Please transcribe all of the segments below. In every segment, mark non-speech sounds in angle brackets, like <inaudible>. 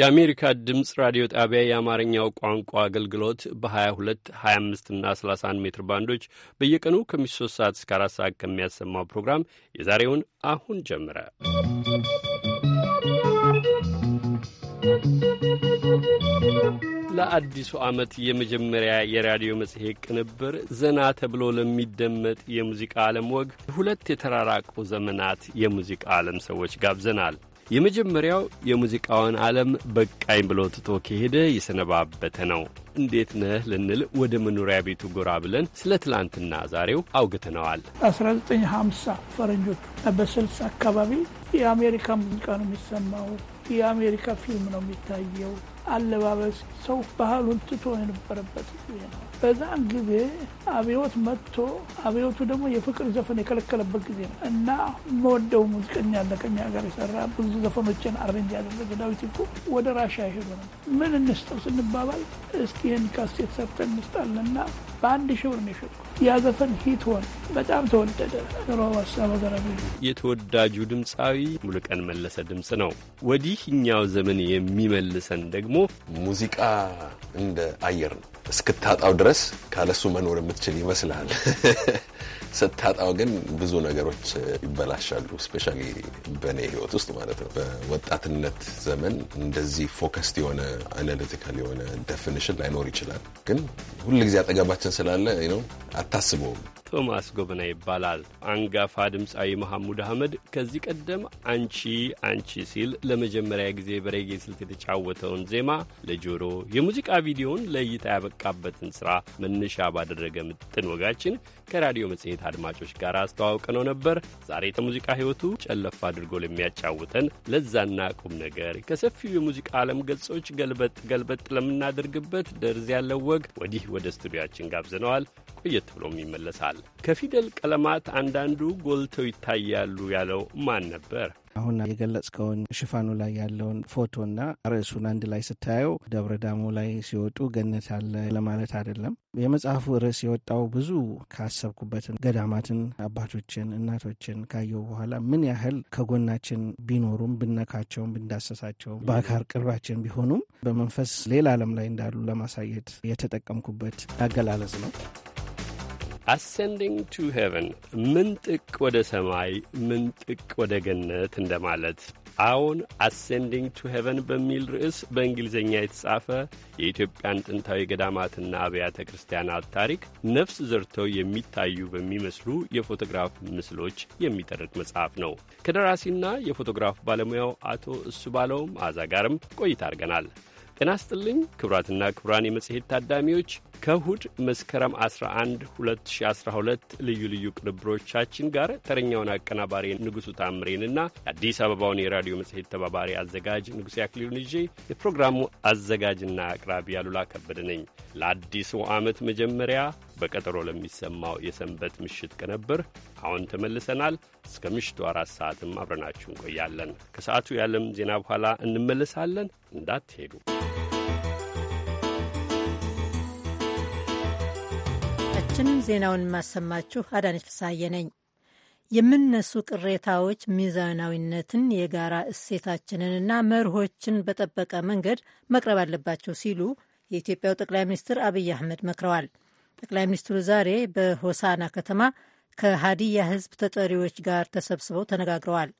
የአሜሪካ ድምፅ ራዲዮ ጣቢያ የአማርኛው ቋንቋ አገልግሎት በ22፣ 25 እና 31 ሜትር ባንዶች በየቀኑ ከምሽቱ 3 ሰዓት እስከ 4 ሰዓት ከሚያሰማው ፕሮግራም የዛሬውን አሁን ጀምረ ለአዲሱ ዓመት የመጀመሪያ የራዲዮ መጽሔት ቅንብር ዘና ተብሎ ለሚደመጥ የሙዚቃ ዓለም ወግ ሁለት የተራራቁ ዘመናት የሙዚቃ ዓለም ሰዎች ጋብዘናል። የመጀመሪያው የሙዚቃውን ዓለም በቃኝ ብሎ ትቶ ከሄደ የሰነባበተ ነው። እንዴት ነህ ልንል ወደ መኖሪያ ቤቱ ጎራ ብለን ስለ ትላንትና ዛሬው አውግተነዋል። 1950 ፈረንጆቹ በስልሳ አካባቢ የአሜሪካ ሙዚቃ ነው የሚሰማው። የአሜሪካ ፊልም ነው የሚታየው። አለባበስ ሰው ባህሉን ትቶ የነበረበት ነው። በዛን ጊዜ አብዮት መጥቶ አብዮቱ ደግሞ የፍቅር ዘፈን የከለከለበት ጊዜ ነው እና መወደው ሙዚቀኛ አለ ከኛ ጋር የሰራ ብዙ ዘፈኖችን አረንጅ ያደረገ ዳዊት እኮ ወደ ራሻ ይሄዱ ነው ምን እንስጠው ስንባባል እስኪ ይህን ካሴት ሰርተን እንስጣለን እና በአንድ ሺህ ብር ነው የሸጥኩት። ያ ዘፈን ሂት ሆነ፣ በጣም ተወደደ። ሮዋሳ በገረቢ የተወዳጁ ድምፃዊ ሙሉቀን መለሰ ድምፅ ነው። ወዲህኛው ዘመን የሚመልሰን ደግሞ ሙዚቃ እንደ አየር ነው። እስክታጣው ድረስ ካለሱ መኖር የምትችል ይመስላል። <laughs> ስታጣው ግን ብዙ ነገሮች ይበላሻሉ። እስፔሻሊ በእኔ ህይወት ውስጥ ማለት ነው። በወጣትነት ዘመን እንደዚህ ፎከስድ የሆነ አናሊቲካል የሆነ ደፊኒሽን ላይኖር ይችላል። ግን ሁልጊዜ አጠገባችን ስላለ ነው አታስበውም ቶማስ ጎበና ይባላል። አንጋፋ ድምፃዊ መሐሙድ አህመድ ከዚህ ቀደም አንቺ አንቺ ሲል ለመጀመሪያ ጊዜ በሬጌ ስልት የተጫወተውን ዜማ ለጆሮ የሙዚቃ ቪዲዮውን ለእይታ ያበቃበትን ሥራ መነሻ ባደረገ ምጥን ወጋችን ከራዲዮ መጽሔት አድማጮች ጋር ነው ነበር። ዛሬ ከሙዚቃ ሕይወቱ ጨለፍ አድርጎ ለሚያጫውተን ለዛና ቁም ነገር ከሰፊው የሙዚቃ ዓለም ገጾች ገልበጥ ገልበጥ ለምናደርግበት ደርዝ ያለው ወግ ወዲህ ወደ ስቱዲያችን ጋብዘነዋል። ቆየት ብሎም ይመለሳል። ከፊደል ቀለማት አንዳንዱ ጎልተው ይታያሉ ያለው ማን ነበር? አሁን የገለጽከውን ሽፋኑ ላይ ያለውን ፎቶና ርዕሱን አንድ ላይ ስታየው ደብረ ዳሞ ላይ ሲወጡ ገነት አለ ለማለት አይደለም። የመጽሐፉ ርዕስ የወጣው ብዙ ካሰብኩበትን ገዳማትን፣ አባቶችን፣ እናቶችን ካየው በኋላ ምን ያህል ከጎናችን ቢኖሩም ብነካቸውም ብንዳሰሳቸውም በአካር ቅርባችን ቢሆኑም በመንፈስ ሌላ ዓለም ላይ እንዳሉ ለማሳየት የተጠቀምኩበት አገላለጽ ነው። አሴንዲንግ ቱ ሄቨን ምንጥቅ ወደ ሰማይ ምንጥቅ ወደ ገነት እንደማለት። አሁን አሴንዲንግ ቱ ሄቨን በሚል ርዕስ በእንግሊዝኛ የተጻፈ የኢትዮጵያን ጥንታዊ ገዳማትና አብያተ ክርስቲያናት ታሪክ ነፍስ ዘርተው የሚታዩ በሚመስሉ የፎቶግራፍ ምስሎች የሚተርክ መጽሐፍ ነው። ከደራሲና የፎቶግራፍ ባለሙያው አቶ እሱ ባለው መዓዛ ጋርም ቆይታ አድርገናል። ጤና ስጥልኝ ክቡራትና ክቡራን የመጽሔት ታዳሚዎች ከእሁድ መስከረም 11 2012 ልዩ ልዩ ቅንብሮቻችን ጋር ተረኛውን አቀናባሪ ንጉሡ ታምሬንና የአዲስ አበባውን የራዲዮ መጽሔት ተባባሪ አዘጋጅ ንጉሴ አክሊሉን ይዤ የፕሮግራሙ አዘጋጅና አቅራቢ አሉላ ከበደ ነኝ። ለአዲሱ ዓመት መጀመሪያ በቀጠሮ ለሚሰማው የሰንበት ምሽት ቅንብር አሁን ተመልሰናል። እስከ ምሽቱ አራት ሰዓትም አብረናችሁ እንቆያለን። ከሰዓቱ የዓለም ዜና በኋላ እንመለሳለን፣ እንዳትሄዱ። ችን ዜናውን የማሰማችሁ አዳነች ፍሳዬ ነኝ። የምነሱ ቅሬታዎች ሚዛናዊነትን፣ የጋራ እሴታችንንና መርሆችን በጠበቀ መንገድ መቅረብ አለባቸው ሲሉ የኢትዮጵያው ጠቅላይ ሚኒስትር አብይ አህመድ መክረዋል። ጠቅላይ ሚኒስትሩ ዛሬ በሆሳና ከተማ ከሀዲያ ህዝብ ተጠሪዎች ጋር ተሰብስበው ተነጋግረዋል።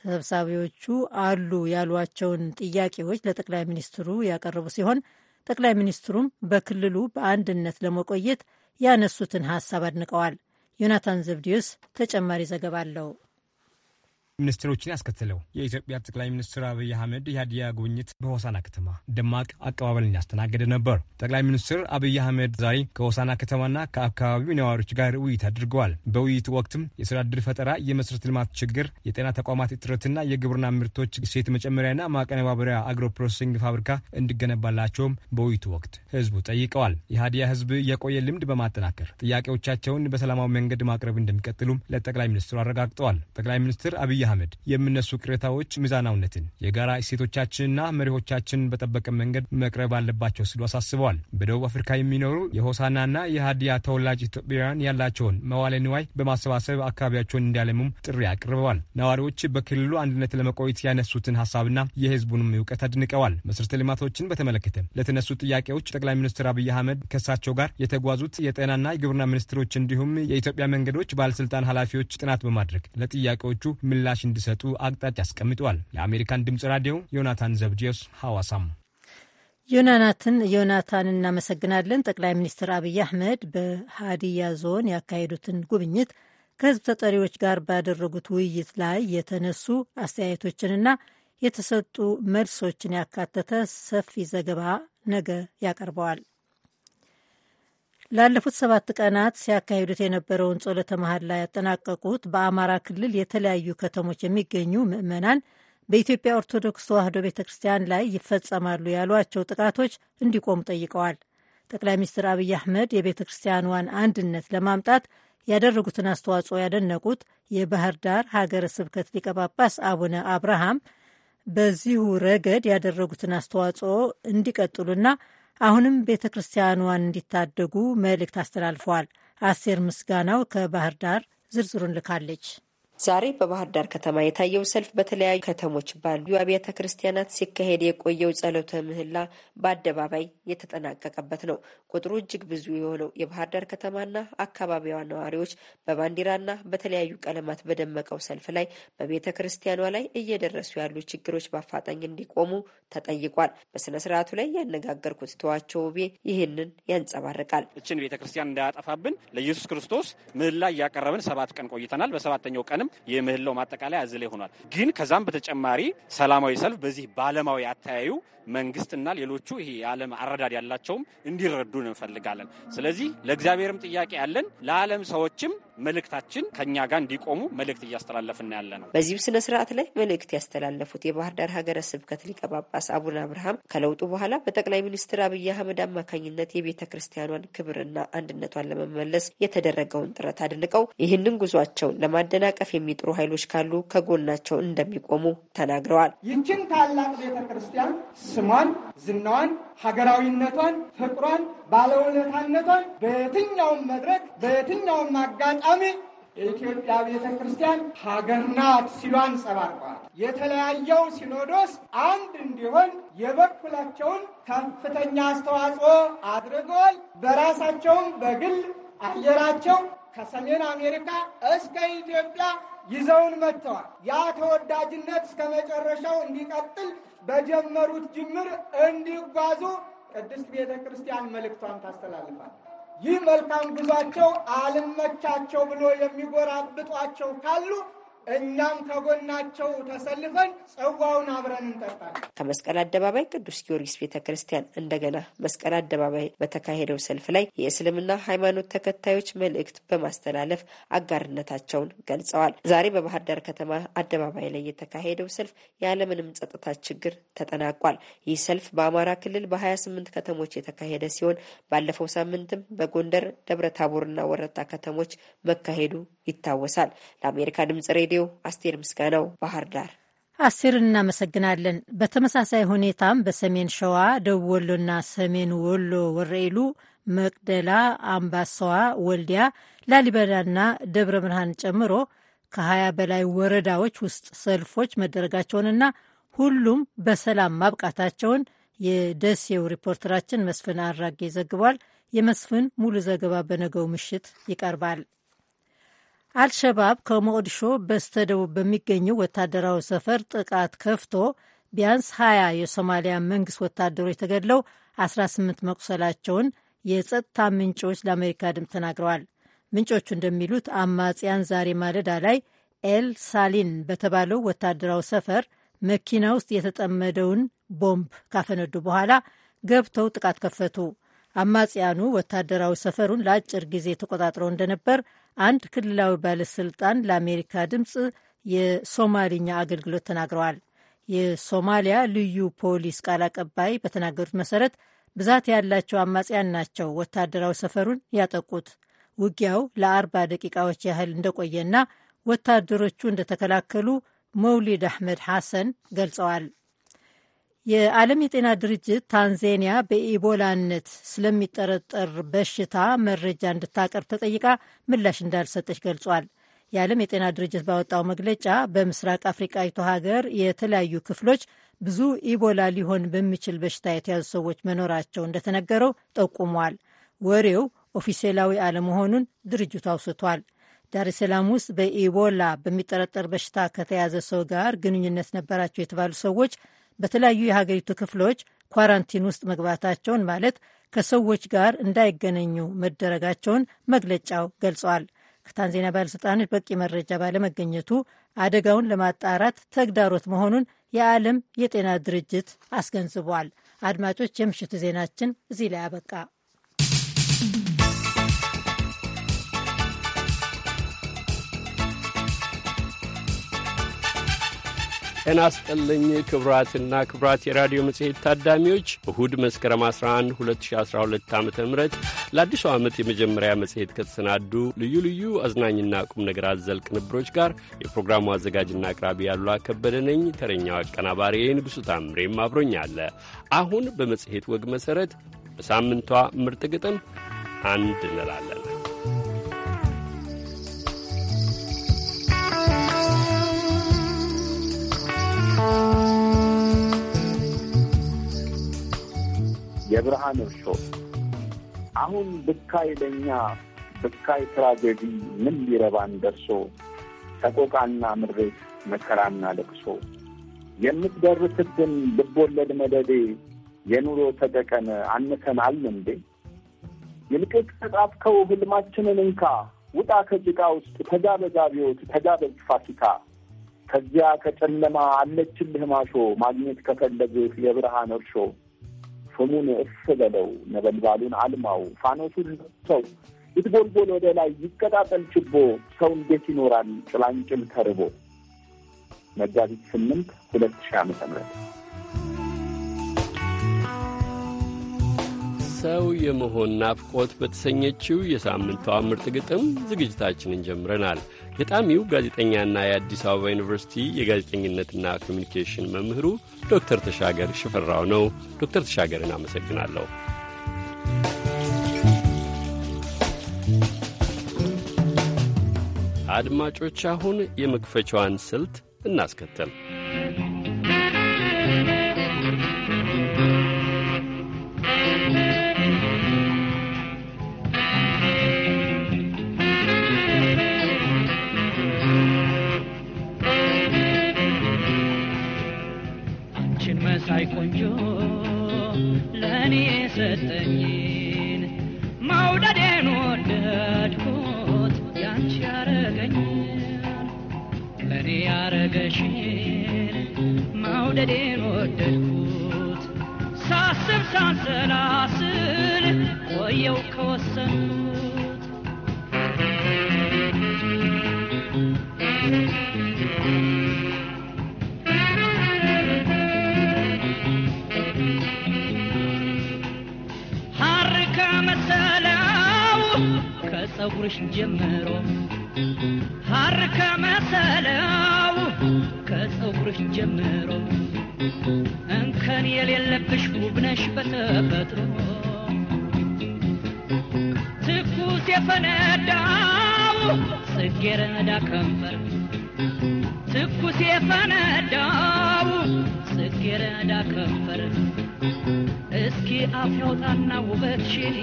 ተሰብሳቢዎቹ አሉ ያሏቸውን ጥያቄዎች ለጠቅላይ ሚኒስትሩ ያቀረቡ ሲሆን ጠቅላይ ሚኒስትሩም በክልሉ በአንድነት ለመቆየት ያነሱትን ሀሳብ አድንቀዋል። ዮናታን ዘብዲዮስ ተጨማሪ ዘገባ አለው። ሚኒስትሮችን ያስከትለው የኢትዮጵያ ጠቅላይ ሚኒስትር አብይ አህመድ የሀዲያ ጉብኝት በሆሳና ከተማ ደማቅ አቀባበልን ያስተናገደ ነበር። ጠቅላይ ሚኒስትር አብይ አህመድ ዛሬ ከሆሳና ከተማና ከአካባቢው ነዋሪዎች ጋር ውይይት አድርገዋል። በውይይቱ ወቅትም የስራ ዕድል ፈጠራ፣ የመሰረተ ልማት ችግር፣ የጤና ተቋማት እጥረትና የግብርና ምርቶች ሴት መጨመሪያና ማቀነባበሪያ አግሮ ፕሮሴሲንግ ፋብሪካ እንዲገነባላቸውም በውይይቱ ወቅት ህዝቡ ጠይቀዋል። የሀዲያ ህዝብ የቆየ ልምድ በማጠናከር ጥያቄዎቻቸውን በሰላማዊ መንገድ ማቅረብ እንደሚቀጥሉም ለጠቅላይ ሚኒስትሩ አረጋግጠዋል። ጠቅላይ ሚኒስትር አብይ አብይ አህመድ የሚነሱ ቅሬታዎች ሚዛናዊነትን፣ የጋራ እሴቶቻችንና መሪሆቻችን በጠበቀ መንገድ መቅረብ አለባቸው ሲሉ አሳስበዋል። በደቡብ አፍሪካ የሚኖሩ የሆሳናና የሀዲያ ተወላጅ ኢትዮጵያውያን ያላቸውን መዋለ ንዋይ በማሰባሰብ አካባቢያቸውን እንዲያለሙም ጥሪ አቅርበዋል። ነዋሪዎች በክልሉ አንድነት ለመቆየት ያነሱትን ሀሳብና የህዝቡንም እውቀት አድንቀዋል። መሰረተ ልማቶችን በተመለከተ ለተነሱ ጥያቄዎች ጠቅላይ ሚኒስትር አብይ አህመድ ከእሳቸው ጋር የተጓዙት የጤናና የግብርና ሚኒስትሮች እንዲሁም የኢትዮጵያ መንገዶች ባለስልጣን ኃላፊዎች ጥናት በማድረግ ለጥያቄዎቹ ምላሽ ምላሽ እንዲሰጡ አቅጣጫ አስቀምጠዋል። የአሜሪካን ድምጽ ራዲዮ ዮናታን ዘብድዮስ ሐዋሳም ዮናናትን ዮናታን እናመሰግናለን። ጠቅላይ ሚኒስትር አብይ አህመድ በሃዲያ ዞን ያካሄዱትን ጉብኝት ከህዝብ ተጠሪዎች ጋር ባደረጉት ውይይት ላይ የተነሱ አስተያየቶችንና የተሰጡ መልሶችን ያካተተ ሰፊ ዘገባ ነገ ያቀርበዋል። ላለፉት ሰባት ቀናት ሲያካሂዱት የነበረውን ጸሎተ መሐላ ያጠናቀቁት በአማራ ክልል የተለያዩ ከተሞች የሚገኙ ምዕመናን በኢትዮጵያ ኦርቶዶክስ ተዋሕዶ ቤተ ክርስቲያን ላይ ይፈጸማሉ ያሏቸው ጥቃቶች እንዲቆሙ ጠይቀዋል። ጠቅላይ ሚኒስትር አብይ አህመድ የቤተ ክርስቲያኗን አንድነት ለማምጣት ያደረጉትን አስተዋጽኦ ያደነቁት የባህር ዳር ሀገረ ስብከት ሊቀ ጳጳስ አቡነ አብርሃም በዚሁ ረገድ ያደረጉትን አስተዋጽኦ እንዲቀጥሉና አሁንም ቤተ ክርስቲያኗን እንዲታደጉ መልእክት አስተላልፈዋል። አስቴር ምስጋናው ከባህር ዳር ዝርዝሩን ልካለች። ዛሬ በባህር ዳር ከተማ የታየው ሰልፍ በተለያዩ ከተሞች ባሉ አብያተ ክርስቲያናት ሲካሄድ የቆየው ጸሎተ ምህላ በአደባባይ የተጠናቀቀበት ነው። ቁጥሩ እጅግ ብዙ የሆነው የባህር ዳር ከተማና አካባቢዋ ነዋሪዎች በባንዲራና በተለያዩ ቀለማት በደመቀው ሰልፍ ላይ በቤተ ክርስቲያኗ ላይ እየደረሱ ያሉ ችግሮች በአፋጣኝ እንዲቆሙ ተጠይቋል። በስነ ስርዓቱ ላይ ያነጋገርኩት ተዋቸው ውቤ ይህንን ያንጸባርቃል። እችን ቤተ ክርስቲያን እንዳያጠፋብን ለኢየሱስ ክርስቶስ ምህላ እያቀረብን ሰባት ቀን ቆይተናል። በሰባተኛው ቀንም አይቻልም። የምህላው ማጠቃለያ እዚህ ላይ ሆኗል። ግን ከዛም በተጨማሪ ሰላማዊ ሰልፍ በዚህ ባለማዊ አተያዩ መንግስትና ሌሎቹ ይሄ የዓለም አረዳድ ያላቸውም እንዲረዱን እንፈልጋለን። ስለዚህ ለእግዚአብሔርም ጥያቄ ያለን ለዓለም ሰዎችም መልእክታችን ከእኛ ጋር እንዲቆሙ መልእክት እያስተላለፍን ያለ ነው። በዚሁ ስነ ስርዓት ላይ መልእክት ያስተላለፉት የባህር ዳር ሀገረ ስብከት ሊቀ ጳጳስ አቡነ አብርሃም ከለውጡ በኋላ በጠቅላይ ሚኒስትር አብይ አህመድ አማካኝነት የቤተ ክርስቲያኗን ክብርና አንድነቷን ለመመለስ የተደረገውን ጥረት አድንቀው ይህንን ጉዟቸውን ለማደናቀፍ የሚጥሩ ኃይሎች ካሉ ከጎናቸው እንደሚቆሙ ተናግረዋል። ይህችን ታላቅ ቤተ ክርስቲያን ስሟን፣ ዝናዋን ሀገራዊነቷን፣ ፍቅሯን፣ ባለውለታነቷን በየትኛውም መድረክ በየትኛውም አጋጣሚ የኢትዮጵያ ቤተ ክርስቲያን ሀገር ናት ሲሉ አንጸባርቀዋል። የተለያየው ሲኖዶስ አንድ እንዲሆን የበኩላቸውን ከፍተኛ አስተዋጽኦ አድርገዋል። በራሳቸውም በግል አየራቸው ከሰሜን አሜሪካ እስከ ኢትዮጵያ ይዘውን መጥተዋል። ያ ተወዳጅነት እስከ መጨረሻው እንዲቀጥል በጀመሩት ጅምር እንዲጓዙ ቅድስት ቤተ ክርስቲያን መልእክቷን ታስተላልፋል። ይህ መልካም ጉዟቸው አልመቻቸው ብሎ የሚጎራብጧቸው ካሉ እኛም ከጎናቸው ተሰልፈን ጽዋውን አብረን እንጠጣል። ከመስቀል አደባባይ ቅዱስ ጊዮርጊስ ቤተ ክርስቲያን እንደገና መስቀል አደባባይ በተካሄደው ሰልፍ ላይ የእስልምና ሃይማኖት ተከታዮች መልእክት በማስተላለፍ አጋርነታቸውን ገልጸዋል። ዛሬ በባህር ዳር ከተማ አደባባይ ላይ የተካሄደው ሰልፍ ያለምንም ጸጥታ ችግር ተጠናቋል። ይህ ሰልፍ በአማራ ክልል በ28 ከተሞች የተካሄደ ሲሆን ባለፈው ሳምንትም በጎንደር ደብረ ታቦርና ወረታ ከተሞች መካሄዱ ይታወሳል። ለአሜሪካ ድምጽ ሬዲዮ አስቴር ምስጋናው ባህር ዳር። አስቴር እናመሰግናለን። በተመሳሳይ ሁኔታም በሰሜን ሸዋ፣ ደቡብ ወሎና ሰሜን ወሎ ወረኢሉ፣ መቅደላ፣ አምባሰዋ፣ ወልዲያ፣ ላሊበላና ደብረ ብርሃን ጨምሮ ከ20 በላይ ወረዳዎች ውስጥ ሰልፎች መደረጋቸውንና ሁሉም በሰላም ማብቃታቸውን የደሴው ሪፖርተራችን መስፍን አራጌ ዘግቧል። የመስፍን ሙሉ ዘገባ በነገው ምሽት ይቀርባል። አልሸባብ ከሞቅዲሾ በስተደቡብ በሚገኘው ወታደራዊ ሰፈር ጥቃት ከፍቶ ቢያንስ 20 የሶማሊያ መንግስት ወታደሮች ተገድለው 18 መቁሰላቸውን የጸጥታ ምንጮች ለአሜሪካ ድምፅ ተናግረዋል። ምንጮቹ እንደሚሉት አማጽያን ዛሬ ማለዳ ላይ ኤል ሳሊን በተባለው ወታደራዊ ሰፈር መኪና ውስጥ የተጠመደውን ቦምብ ካፈነዱ በኋላ ገብተው ጥቃት ከፈቱ። አማጽያኑ ወታደራዊ ሰፈሩን ለአጭር ጊዜ ተቆጣጥረው እንደነበር አንድ ክልላዊ ባለስልጣን ለአሜሪካ ድምፅ የሶማሊኛ አገልግሎት ተናግረዋል። የሶማሊያ ልዩ ፖሊስ ቃል አቀባይ በተናገሩት መሰረት ብዛት ያላቸው አማጽያን ናቸው ወታደራዊ ሰፈሩን ያጠቁት። ውጊያው ለአርባ ደቂቃዎች ያህል እንደቆየና ወታደሮቹ እንደተከላከሉ መውሊድ አሕመድ ሐሰን ገልጸዋል። የዓለም የጤና ድርጅት ታንዜኒያ በኢቦላነት ስለሚጠረጠር በሽታ መረጃ እንድታቀርብ ተጠይቃ ምላሽ እንዳልሰጠች ገልጿል። የዓለም የጤና ድርጅት ባወጣው መግለጫ በምስራቅ አፍሪቃዊቱ ሀገር የተለያዩ ክፍሎች ብዙ ኢቦላ ሊሆን በሚችል በሽታ የተያዙ ሰዎች መኖራቸው እንደተነገረው ጠቁሟል። ወሬው ኦፊሴላዊ አለመሆኑን ድርጅቱ አውስቷል። ዳር ውስጥ በኢቦላ በሚጠረጠር በሽታ ከተያዘ ሰው ጋር ግንኙነት ነበራቸው የተባሉ ሰዎች በተለያዩ የሀገሪቱ ክፍሎች ኳራንቲን ውስጥ መግባታቸውን ማለት ከሰዎች ጋር እንዳይገናኙ መደረጋቸውን መግለጫው ገልጸዋል። ከታንዛኒያ ባለሥልጣኖች በቂ መረጃ ባለመገኘቱ አደጋውን ለማጣራት ተግዳሮት መሆኑን የዓለም የጤና ድርጅት አስገንዝቧል። አድማጮች፣ የምሽቱ ዜናችን እዚህ ላይ አበቃ። ጤና ስጠልኝ ክብራትና ክብራት የራዲዮ መጽሔት ታዳሚዎች እሁድ መስከረም 11 2012 ዓ ም ለአዲሱ ዓመት የመጀመሪያ መጽሔት ከተሰናዱ ልዩ ልዩ አዝናኝና ቁም ነገር አዘል ቅንብሮች ጋር የፕሮግራሙ አዘጋጅና አቅራቢ ያሉ ከበደ ነኝ። ተረኛው አቀናባሪ ንጉሡ ታምሬም አብሮኝ አለ። አሁን በመጽሔት ወግ መሠረት በሳምንቷ ምርጥ ግጥም አንድ እንላለን። የብርሃን እርሾ አሁን ብካይ ለእኛ ብካይ ትራጀዲ ምን ሊረባን ደርሶ ሰቆቃና ምሬት መከራና ለቅሶ የምትደርስብን ልቦለድ መደዴ የኑሮ አንተን አል እንዴ? ይልቅስ ተጻፍከው ህልማችንን እንካ ውጣ ከጭቃ ውስጥ ተጋበዝ አብዮት ተጋበዝ ፋሲካ ከዚያ ከጨለማ አለችልህ ማሾ ማግኘት ከፈለግህ የብርሃን እርሾ ፍሙን እፍ በለው ነበልባሉን አልማው ፋኖሱን ሰው ይትጎልጎል ወደ ላይ ይቀጣጠል ችቦ ሰው እንዴት ይኖራል ጭላንጭል ተርቦ። መጋቢት ስምንት ሁለት ሺህ ዓመተ ምህረት ሰው የመሆን ናፍቆት በተሰኘችው የሳምንቷ ምርጥ ግጥም ዝግጅታችንን ጀምረናል። ገጣሚው ጋዜጠኛና የአዲስ አበባ ዩኒቨርሲቲ የጋዜጠኝነትና ኮሚኒኬሽን መምህሩ ዶክተር ተሻገር ሽፈራው ነው። ዶክተር ተሻገርን አመሰግናለሁ። አድማጮች፣ አሁን የመክፈቻዋን ስልት እናስከተል። ቆንጆ ለእኔ ሰጠኝን መውደዴን ወደድኩት ያንቺ ያረገኝን ለእኔ ያረገሽን መውደዴን ወደድኩት ሳስብ ሳንሰላስል ቆየው ከወሰንኩ ወደር የለብሽ ውብነሽ በተፈጥሮ ትኩስ የፈነዳው ጽጌረዳ ከንፈር ትኩስ የፈነዳው ጽጌረዳ ከንፈር እስኪ አፍ ያውጣና ውበትሽን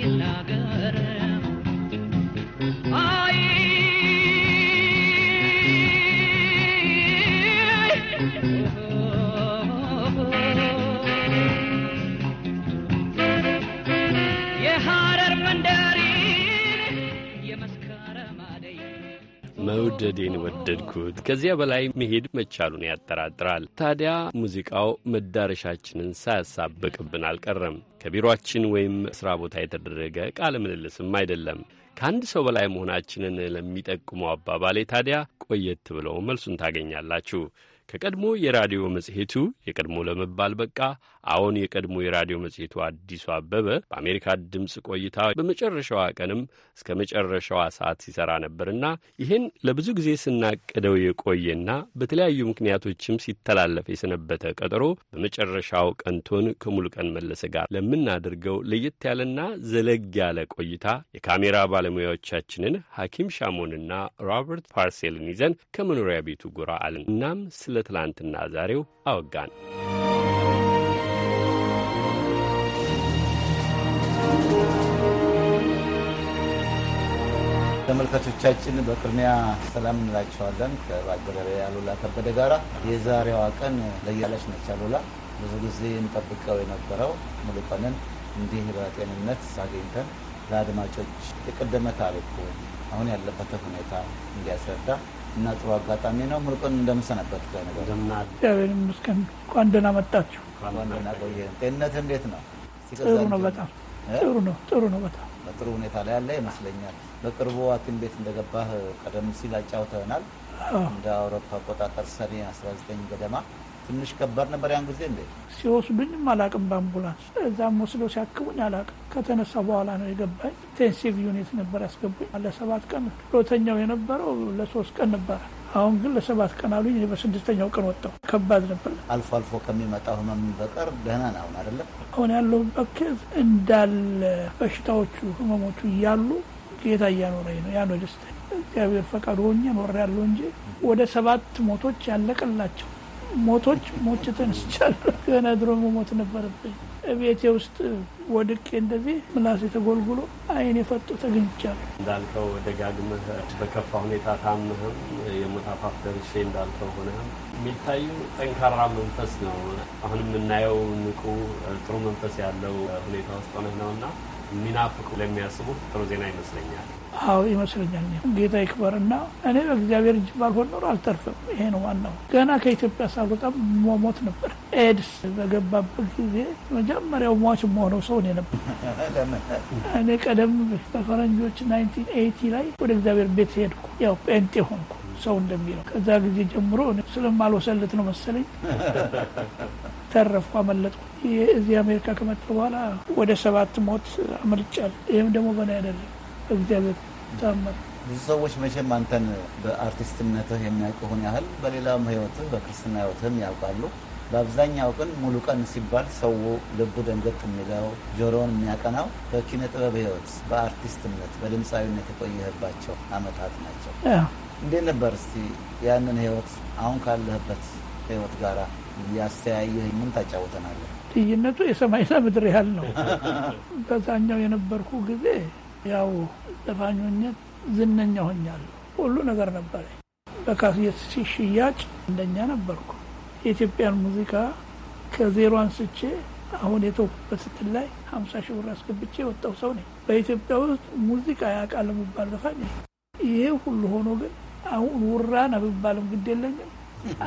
ወደድኩት። ከዚያ በላይ መሄድ መቻሉን ያጠራጥራል። ታዲያ ሙዚቃው መዳረሻችንን ሳያሳብቅብን አልቀረም። ከቢሮአችን ወይም ስራ ቦታ የተደረገ ቃለ ምልልስም አይደለም። ከአንድ ሰው በላይ መሆናችንን ለሚጠቁመው አባባሌ ታዲያ ቆየት ብለው መልሱን ታገኛላችሁ። ከቀድሞ የራዲዮ መጽሔቱ የቀድሞ ለመባል በቃ አሁን የቀድሞ የራዲዮ መጽሔቱ አዲሱ አበበ በአሜሪካ ድምፅ ቆይታ በመጨረሻዋ ቀንም እስከ መጨረሻዋ ሰዓት ሲሰራ ነበርና ይህን ለብዙ ጊዜ ስናቅደው የቆየና በተለያዩ ምክንያቶችም ሲተላለፍ የሰነበተ ቀጠሮ በመጨረሻው ቀንቶን ከሙሉቀን መለሰ ጋር ለምናደርገው ለየት ያለና ዘለግ ያለ ቆይታ የካሜራ ባለሙያዎቻችንን ሐኪም ሻሞንና ሮበርት ፓርሴልን ይዘን ከመኖሪያ ቤቱ ጎራ አለን። እናም ስለ ትላንትና ዛሬው አወጋን። ተመልካቾቻችን በቅድሚያ ሰላም እንላቸዋለን ከባልደረባዬ አሉላ ከበደ ጋራ። የዛሬዋ ቀን ለያለች ነች። አሉላ ብዙ ጊዜ እንጠብቀው የነበረው ሙሉ ቀንን እንዲህ በጤንነት አግኝተን ለአድማጮች የቀደመ ታሪኩ አሁን ያለበትን ሁኔታ እንዲያስረዳ እና ጥሩ አጋጣሚ ነው። ሙሉ ቀን እንደምሰነበት ነገር ምስገን እንኳን ደህና መጣችሁ። ጤንነት እንዴት ነው? ጥሩ ነው። በጣም ጥሩ ነው። ጥሩ ነው። በጣም በጥሩ ሁኔታ ላይ ያለ ይመስለኛል። በቅርቡ ሐኪም ቤት እንደገባህ ቀደም ሲል አጫውተህናል። እንደ አውሮፓ አቆጣጠር ሰኔ 19 ገደማ ትንሽ ከባድ ነበር ያን ጊዜ። እንዴት ሲወስዱኝም አላቅም፣ በአምቡላንስ እዛም ወስደው ሲያክቡኝ አላቅም። ከተነሳ በኋላ ነው የገባኝ። ኢንቴንሲቭ ዩኒት ነበር ያስገቡኝ ለሰባት ቀን። ሎተኛው የነበረው ለሶስት ቀን ነበረ። አሁን ግን ለሰባት ቀን አሉኝ። በስድስተኛው ቀን ወጣሁ። ከባድ ነበር። አልፎ አልፎ ከሚመጣው ህመም በቀር ደህና ነህ አሁን አይደለም? አሁን ያለሁበት ኬዝ እንዳለ በሽታዎቹ ህመሞቹ እያሉ ጌታ እያኖረኝ ነው። ያ ነው ደስታ። እግዚአብሔር ፈቃዱ ሆኜ ኖር ያለው እንጂ ወደ ሰባት ሞቶች ያለቀላቸው ሞቶች ሞች ተነስቻለሁ። <laughs> ገና ድሮ ሞት ነበረብኝ። እቤቴ ውስጥ ወድቄ እንደዚህ ምላሴ ተጎልጉሎ አይን የፈጡ ተገኝቻለሁ። እንዳልከው ደጋግመህ በከፋ ሁኔታ ታምህም የሞት አፋፍ ደርሼ እንዳልከው ሆነህም የሚታዩ ጠንካራ መንፈስ ነው። አሁን የምናየው ንቁ ጥሩ መንፈስ ያለው ሁኔታ ውስጥ ሆነህ ነው እና የሚናፍቁ ለሚያስቡት ጥሩ ዜና ይመስለኛል። አዎ ይመስለኛል። ጌታ ይክበር ይክበርና እኔ በእግዚአብሔር እጅ ባልሆን ኖሮ አልተርፍም። ይሄ ነው ዋናው። ገና ከኢትዮጵያ ሳልወጣ ሞሞት ነበር። ኤድስ በገባበት ጊዜ መጀመሪያው ሟች መሆነው ሰው እኔ ነበር። እኔ ቀደም በፈረንጆች ናይንቲን ኤይቲ ላይ ወደ እግዚአብሔር ቤት ሄድኩ። ያው ጴንጤ ሆንኩ ሰው እንደሚለው። ከዛ ጊዜ ጀምሮ ስለማልወሰልት ነው መሰለኝ <laughs> ተረፍኩ፣ አመለጥኩ። እዚህ አሜሪካ ከመጣሁ በኋላ ወደ ሰባት ሞት አመልጫለሁ። ይህም ደግሞ በእኔ አይደለም፣ እግዚአብሔር ታመር። ብዙ ሰዎች መቼም አንተን በአርቲስትነትህ የሚያውቁህን ያህል በሌላም ህይወትህ በክርስትና ህይወትህም ያውቃሉ። በአብዛኛው ግን ሙሉ ቀን ሲባል ሰው ልቡ ደንገጥ የሚለው ጆሮውን የሚያቀናው በኪነ ጥበብ ህይወት በአርቲስትነት በድምፃዊነት የቆየህባቸው አመታት ናቸው። እንዴት ነበር እስቲ ያንን ህይወት አሁን ካለህበት ህይወት ጋራ ያስተያየህኝም ታጫወተናለህ። ልዩነቱ የሰማይና ምድር ያህል ነው። በዛኛው የነበርኩ ጊዜ ያው ዘፋኞኘት ዝነኛ ሆኛለሁ። ሁሉ ነገር ነበረ። በካሴት ሽያጭ እንደኛ ነበርኩ። የኢትዮጵያን ሙዚቃ ከዜሮ አንስቼ አሁን የተውኩበት ስትል ላይ ሀምሳ ሺህ ብር አስገብቼ የወጣው ሰው ነኝ። በኢትዮጵያ ውስጥ ሙዚቃ ያውቃል የሚባል ዘፋኝ ይሄ ሁሉ ሆኖ ግን አሁን ውራ ነው የሚባልም ግድ የለኝም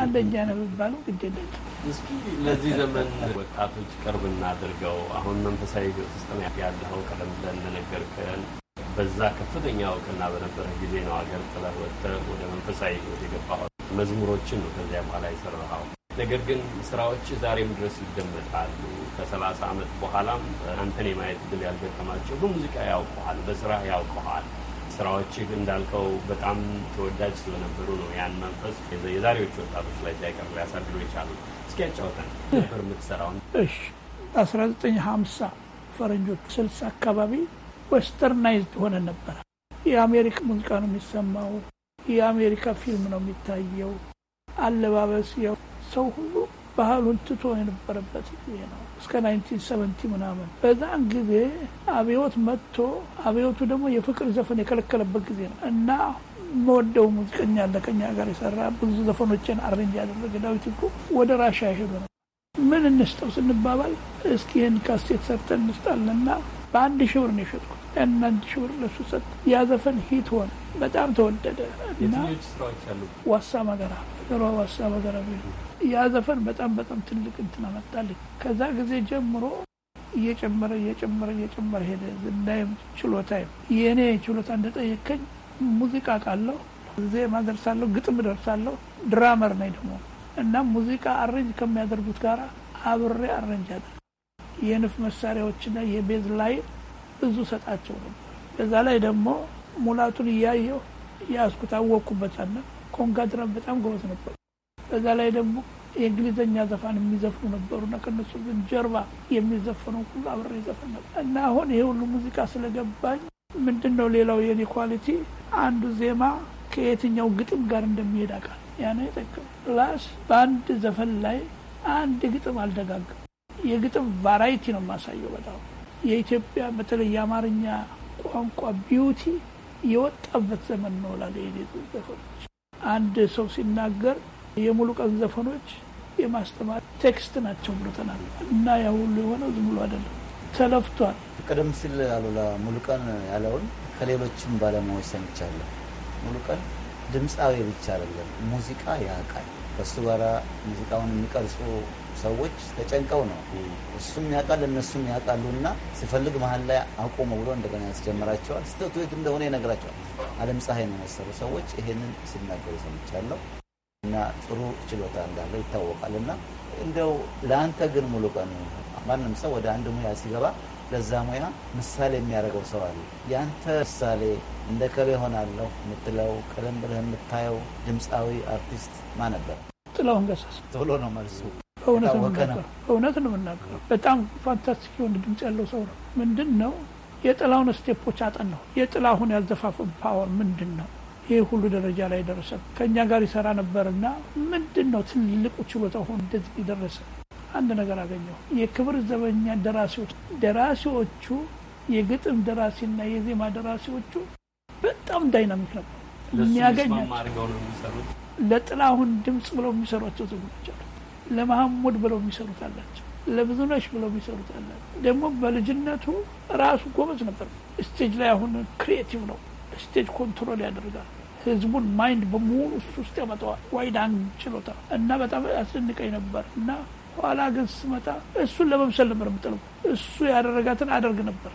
አንደኛ ነው የሚባለው ግድለት። እስኪ ለዚህ ዘመን ወጣቶች ቅርብ እናድርገው። አሁን መንፈሳዊ ሕይወት ውስጥ ያለኸው ቀደም ብለን እንደነገርከን በዛ ከፍተኛ እውቅና በነበረ ጊዜ ነው አገር ጥለህ ወጥተህ ወደ መንፈሳዊ ህይወት የገባኸው። መዝሙሮችን ነው ከዚያ በኋላ የሰራኸው። ነገር ግን ስራዎች ዛሬም ድረስ ይደመጣሉ። ከሰላሳ ዓመት በኋላም አንተን የማየት ድል ያልገጠማቸው በሙዚቃ ያውቀዋል፣ በስራ ያውቀዋል። ስራዎችህ እንዳልከው በጣም ተወዳጅ ስለነበሩ ነው ያን መንፈስ የዛሬዎቹ ወጣቶች ላይ ሳይቀር ሊያሳድሩ የቻሉ። እስኪ ያጫወተን ነበር የምትሰራውን። እሺ፣ በ1950 ፈረንጆቹ 60 አካባቢ ዌስተርናይዝድ ሆነ ነበረ። የአሜሪካ ሙዚቃ ነው የሚሰማው፣ የአሜሪካ ፊልም ነው የሚታየው፣ አለባበስ ሰው ሁሉ ባህሉን ትቶ የነበረበት ጊዜ ነው። እስከ ናይንቲን ሰቨንቲ ምናምን በዛን ጊዜ አብዮት መጥቶ አብዮቱ ደግሞ የፍቅር ዘፈን የከለከለበት ጊዜ ነው እና መወደው ሙዚቀኛ አለ ከኛ ጋር የሰራ ብዙ ዘፈኖችን አሬንጅ ያደረገ ዳዊት እኮ ወደ ራሻ ሄዱ ነው ምን እንስጠው ስንባባል እስኪ ይህን ካሴት ሰርተን እንስጣለና በአንድ ሺህ ብር ነው የሸጥኩት። ያን አንድ ሺህ ብር ለሱ ሰጥ። ያዘፈን ሂት ሆነ፣ በጣም ተወደደ እና ዋሳ መገራ ሮ ዋሳ መገራ ያ ዘፈን በጣም በጣም ትልቅ እንትን አመጣልኝ። ከዛ ጊዜ ጀምሮ እየጨመረ እየጨመረ እየጨመረ ሄደ። ዝናይም ችሎታይም የእኔ ችሎታ እንደጠየከኝ ሙዚቃ ቃለሁ፣ ዜማ ደርሳለሁ፣ ግጥም ደርሳለሁ፣ ድራመር ነኝ ደግሞ እና ሙዚቃ አረንጅ ከሚያደርጉት ጋር አብሬ አረንጅ አደርግ የንፍ መሳሪያዎችና የቤዝ ላይ ብዙ ሰጣቸው ነበር። በዛ ላይ ደግሞ ሙላቱን እያየሁ ያስኩት አወቅኩበትና ኮንጋድራ በጣም ጎበዝ ነበሩ። በዛ ላይ ደግሞ የእንግሊዝኛ ዘፋን የሚዘፍኑ ነበሩና ከነሱ ግን ጀርባ የሚዘፈነው ሁሉ አብሬ ዘፈን ነበር እና አሁን ይሄ ሁሉ ሙዚቃ ስለገባኝ ምንድን ነው ሌላው የኔ ኳሊቲ አንዱ ዜማ ከየትኛው ግጥም ጋር እንደሚሄድ አውቃለሁ። ያ ነው የጠቀመኝ። በአንድ ዘፈን ላይ አንድ ግጥም አልደጋግም የግጥም ቫራይቲ ነው የማሳየው። በጣም የኢትዮጵያ በተለይ የአማርኛ ቋንቋ ቢዩቲ የወጣበት ዘመን ነው እላለሁ። ዘፈኖች አንድ ሰው ሲናገር የሙሉ ቀን ዘፈኖች የማስተማር ቴክስት ናቸው ብሎተናል እና ያ ሁሉ የሆነው ዝም ብሎ አይደለም፣ ተለፍቷል። ቀደም ሲል አሉላ ሙሉቀን ያለውን ከሌሎችም ባለሙያዎች ሰምቻለሁ። ሙሉቀን ድምፃዊ ብቻ አይደለም፣ ሙዚቃ ያውቃል። ከሱ ጋራ ሙዚቃውን የሚቀርጹ ሰዎች ተጨንቀው ነው። እሱም ያውቃል እነሱም ያውቃሉ። እና ሲፈልግ መሀል ላይ አቆመ ብሎ እንደገና ያስጀምራቸዋል። ስህተቱ የት እንደሆነ ይነግራቸዋል። አለም ፀሐይን የመሰሉ ሰዎች ይሄንን ሲናገሩ ሰምቻለሁ። እና ጥሩ ችሎታ እንዳለው ይታወቃል። እና እንደው ለአንተ ግን ሙሉ ቀን ማንም ሰው ወደ አንድ ሙያ ሲገባ ለዛ ሙያ ምሳሌ የሚያደርገው ሰው አለ። ያንተ ምሳሌ እንደ ከሌ ሆናለሁ የምትለው ቀደም ብለህ የምታየው ድምፃዊ አርቲስት ማን ነበር? ጥላሁን ገሰሰ። ቶሎ ነው መልሱ። እውነት ነው የምናገረው። በጣም ፋንታስቲክ የሆነ ድምጽ ያለው ሰው ነው። ምንድን ነው የጥላውን ስቴፖች አጠናሁ። የጥላሁን ያዘፋፈን ፓወር ምንድን ነው? ይህ ሁሉ ደረጃ ላይ ደረሰ። ከእኛ ጋር ይሰራ ነበርና ምንድን ነው ትልቁ ችሎታ ሆኖ እንደዚህ ደረሰ። አንድ ነገር አገኘሁ። የክብር ዘበኛ ደራሲዎች ደራሲዎቹ የግጥም ደራሲና የዜማ ደራሲዎቹ በጣም ዳይናሚክ ነበር። የሚያገኛቸው ለጥላሁን ድምጽ ብለው የሚሰሯቸው ዜጎች አሉ። ለመሐሙድ ብለው የሚሰሩት አላቸው ለብዙነሽ ብለው የሚሰሩት አላቸው ደግሞ በልጅነቱ ራሱ ጎበዝ ነበር ስቴጅ ላይ አሁን ክሪኤቲቭ ነው ስቴጅ ኮንትሮል ያደርጋል ህዝቡን ማይንድ በመሆኑ እሱ ውስጥ ያመጣዋል ዋይድ ችሎታ እና በጣም አስደንቀኝ ነበር እና ኋላ ግን ስመጣ እሱን ለመምሰል ነበር የምጠልቁ እሱ ያደረጋትን አደርግ ነበር።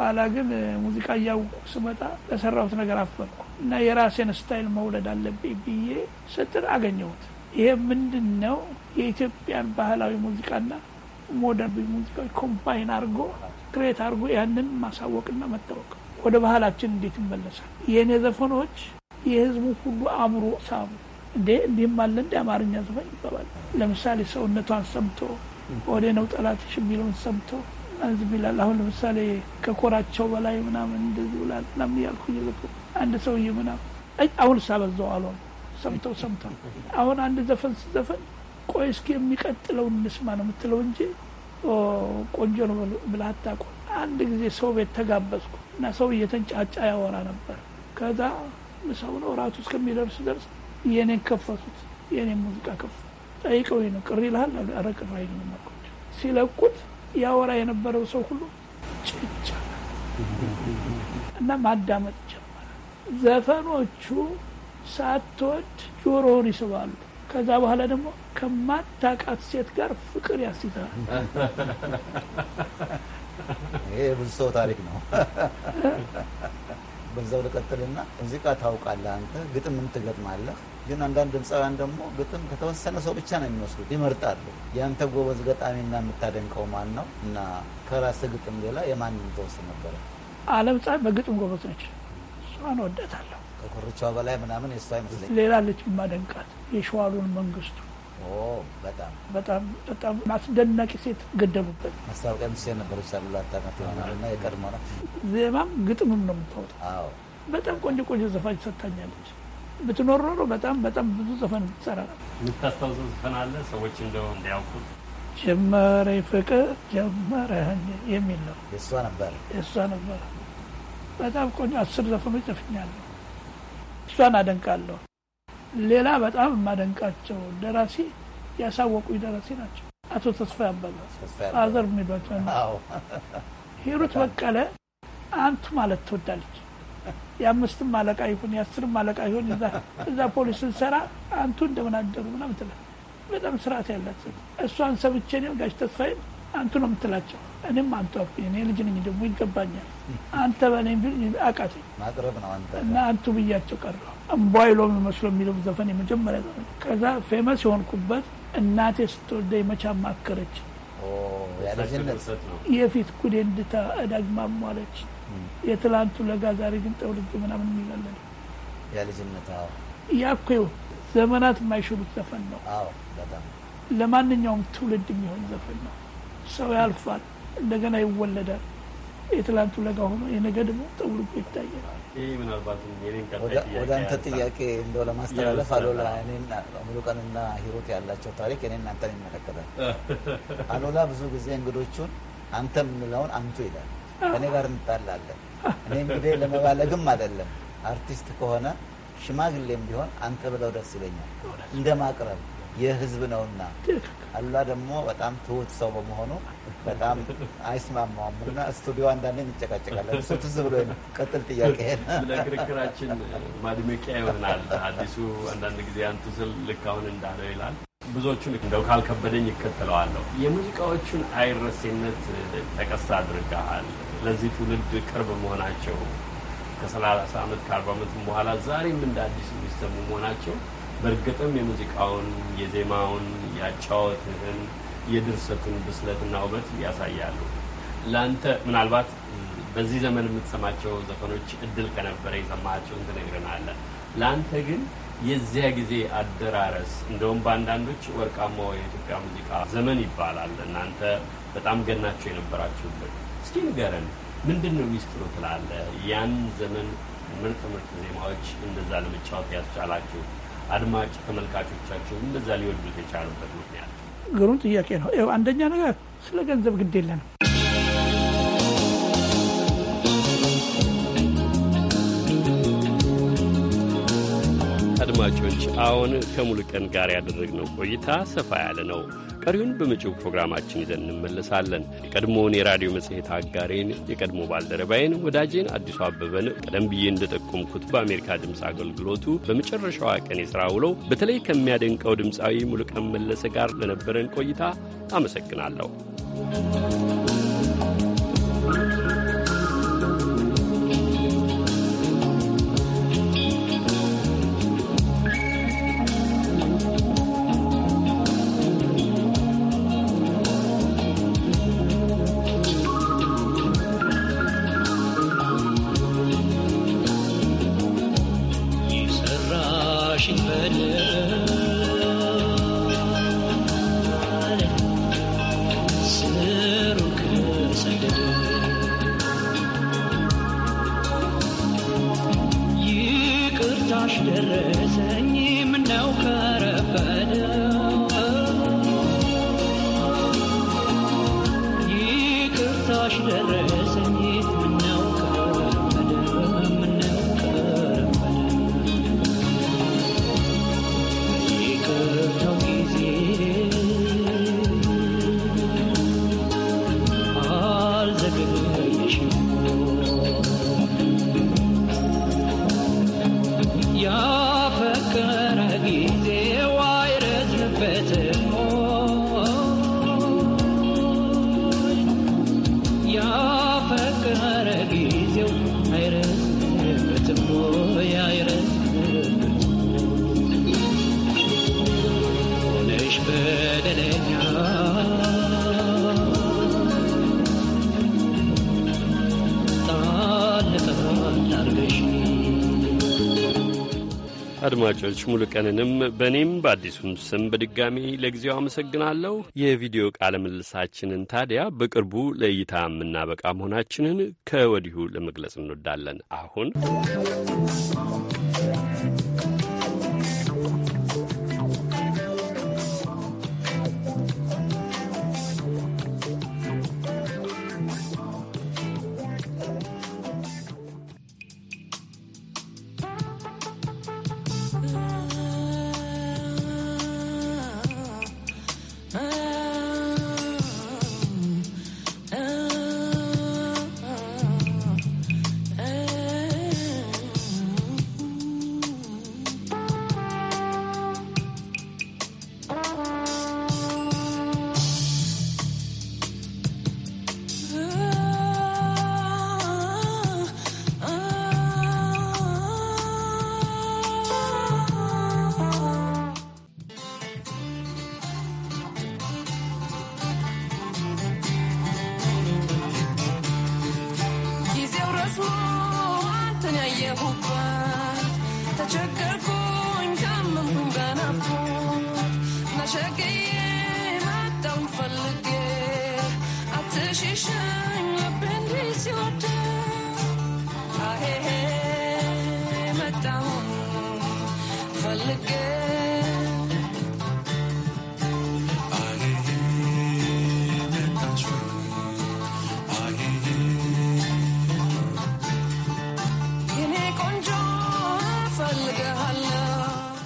ኋላ ግን ሙዚቃ እያወቁ ስመጣ ለሰራሁት ነገር አፈርኩ እና የራሴን ስታይል መውለድ አለብኝ ብዬ ስጥር አገኘሁት። ይሄ ምንድን ነው የኢትዮጵያን ባህላዊ ሙዚቃና ሞደርን ሙዚቃ ኮምባይን አድርጎ ክሬት አድርጎ ያንን ማሳወቅና መታወቅ ወደ ባህላችን እንዴት ይመለሳል? የእኔ ዘፈኖች የህዝቡ ሁሉ አእምሮ ሳቡ። እንዴ እንዲህም አለ እንደ አማርኛ ዘፈን ይባባል። ለምሳሌ ሰውነቷን ሰምቶ ወደ ነው ጠላትሽ የሚለውን ሰምቶ ህዝብ ይላል። አሁን ለምሳሌ ከኮራቸው በላይ ምናምን እንደዚህ ብላል ምናምን እያልኩ አንድ ሰውዬ ምናምን አሁን ሳበዛው አሏል። ሰምተው ሰምተው አሁን አንድ ዘፈን ስዘፈን ቆይ እስኪ የሚቀጥለው እንስማ ነው የምትለው እንጂ ቆንጆ ነው ብለህ አታውቅም። አንድ ጊዜ ሰው ቤት ተጋበዝኩ እና ሰው እየተንጫጫ ያወራ ነበር። ከዛ ሰው ነው እራቱ እስከሚደርስ ደርስ የኔን ከፈቱት፣ የኔን ሙዚቃ ከፈ ጠይቀው ነው ቅር ይልሃል አሉ። ኧረ ቅር አይልም ሲለቁት ያወራ የነበረው ሰው ሁሉ ጭጫ እና ማዳመጥ ጀመረ። ዘፈኖቹ ሳትወድ ጆሮውን ይስባሉ። ከዛ በኋላ ደግሞ ከማታቃት ሴት ጋር ፍቅር ያስይዛል። ይሄ ብዙ ሰው ታሪክ ነው። በዛው ልቀጥልና ሙዚቃ ታውቃለህ አንተ፣ ግጥም የምትገጥማለህ። ግን አንዳንድ ድምፃውያን ደግሞ ግጥም ከተወሰነ ሰው ብቻ ነው የሚወስዱት፣ ይመርጣሉ። ያንተ ጎበዝ ገጣሚና የምታደንቀው ማን ነው? እና ከራስ ግጥም ሌላ የማንም ተወስድ ነበረ? አለም ፀሐይ በግጥም ጎበዝ ነች። እሷን ወደታለሁ ከኮርቻዋ በላይ ምናምን የእሷ አይመስለኝም። ሌላ ልጅ የማደንቃት የሸዋሉን መንግስቱ በጣም በጣም በጣም አስደናቂ ሴት ገደሉበት። ማስታወቂያ ሚኒስቴር ነበረች ሳሉላት ናት ሆናልና የቀድሞ ነው። ዜማም ግጥምም ነው የምታወጣው። በጣም ቆንጆ ቆንጆ ዘፋኝ ሰጥታኛለች። ብትኖር ኖሮ በጣም በጣም ብዙ ዘፈን ትሰራ ነው። የምታስታውሰው ዘፈን አለ ሰዎች እንደው እንዲያውቁት ጀመረ ፍቅር ጀመረ የሚል ነው። የእሷ ነበር የእሷ ነበር። በጣም ቆንጆ አስር ዘፈኖች ዘፍኛለሁ። እሷን አደንቃለሁ። ሌላ በጣም የማደንቃቸው ደራሲ ያሳወቁኝ ደራሲ ናቸው። አቶ ተስፋ ያበበ ፋዘር የሚሏቸው ሂሩት በቀለ አንቱ ማለት ትወዳለች። የአምስትም አለቃ ይሁን የአስርም አለቃ ይሁን እዛ ፖሊስ ስንሰራ አንቱ እንደምን አደሩ ምናምን ትላል። በጣም ስርዓት ያላት እሷን ሰብቼ እኔም ጋሽ ተስፋዬም አንቱ ነው የምትላቸው። እኔም አንቱ እኔ ልጅ ነኝ ደግሞ ይገባኛል አንተ በእኔ ማቅረብ ነው አንተ እና አንቱ ብያቸው ቀረ እምቧይሎ መስሎ የሚለው ዘፈን የመጀመሪያ ዘፈን። ከዛ ፌመስ የሆንኩበት እናቴ ስትወልደ መቻ ማከረች የፊት ጉዴ እንድታ ዳግማ ሟለች የትላንቱ ለጋ ዛሬ ግን ጠውልጅ ምናምን የሚላለን ያልጅነት ያኮው ዘመናት የማይሽሩት ዘፈን ነው። ለማንኛውም ትውልድ የሚሆን ዘፈን ነው። ሰው ያልፋል፣ እንደገና ይወለዳል። የትላንቱ ለጋ ሆኖ የነገ ደግሞ ጠውልጎ ይታያል። ወደ አንተ ጥያቄ እንደው ለማስተላለፍ አሎላ ሙሉቀንና ሂሩት ያላቸው ታሪክ እኔ እናንተን ይመለከታል። <laughs> አሎላ ብዙ ጊዜ እንግዶቹን አንተ የምንለውን አንቱ ይላል። ከእኔ ጋር እንጣላለን። እኔ እንግዲህ ለመባለግም አይደለም አርቲስት ከሆነ ሽማግሌም ቢሆን አንተ ብለው ደስ ይለኛል እንደ ማቅረብ የህዝብ ነውና አሉላ ደግሞ በጣም ትሁት ሰው በመሆኑ በጣም አይስማማውም እና ስቱዲዮ አንዳንዴ እንጨቃጨቃለን። እሱ ትዝ ብሎ ቀጥል ጥያቄ ለክርክራችን ማድመቂያ ይሆናል። አዲሱ አንዳንድ ጊዜ አንቱ ስል ልክ አሁን እንዳለው ይላል። ብዙዎቹን እንደው ካልከበደኝ ይከተለዋለሁ። የሙዚቃዎቹን አይረሴነት ጠቀስ አድርገሃል። ለዚህ ትውልድ ቅርብ መሆናቸው ከሰላሳ ዓመት ከአርባ ዓመትም በኋላ ዛሬም እንደ አዲሱ የሚሰሙ መሆናቸው በእርግጥም የሙዚቃውን፣ የዜማውን፣ ያጫወትህን፣ የድርሰትን ብስለትና ውበት ያሳያሉ። ለአንተ ምናልባት በዚህ ዘመን የምትሰማቸው ዘፈኖች እድል ከነበረ የሰማቸውን ትነግረናለ። ለአንተ ግን የዚያ ጊዜ አደራረስ እንደውም በአንዳንዶች ወርቃማው የኢትዮጵያ ሙዚቃ ዘመን ይባላል። እናንተ በጣም ገናቸው የነበራችሁበት እስኪ ንገረን፣ ምንድን ነው ሚስጥሩ ትላለ? ያን ዘመን ምርጥ ምርጥ ዜማዎች እንደዛ ለመጫወት ያስቻላችሁ አድማጭ ተመልካቾቻቸው እንደዛ ሊወዱት የቻሉበት ምክንያት? ግሩም ጥያቄ ነው። አንደኛ ነገር ስለ ገንዘብ ግድ የለንም። አድማጮች አሁን ከሙሉቀን ጋር ያደረግነው ቆይታ ሰፋ ያለ ነው። ቀሪውን በመጪው ፕሮግራማችን ይዘን እንመለሳለን። የቀድሞውን የራዲዮ መጽሔት አጋሬን የቀድሞ ባልደረባይን ወዳጄን አዲሱ አበበን ቀደም ብዬ እንደጠቆምኩት በአሜሪካ ድምፅ አገልግሎቱ በመጨረሻዋ ቀን የሥራ ውለው በተለይ ከሚያደንቀው ድምፃዊ ሙሉቀን መለሰ ጋር ለነበረን ቆይታ አመሰግናለሁ። አድማጮች ሙሉ ቀንንም በእኔም በአዲሱም ስም በድጋሚ ለጊዜው አመሰግናለሁ። የቪዲዮ ቃለ ምልልሳችንን ታዲያ በቅርቡ ለእይታ የምናበቃ መሆናችንን ከወዲሁ ለመግለጽ እንወዳለን። አሁን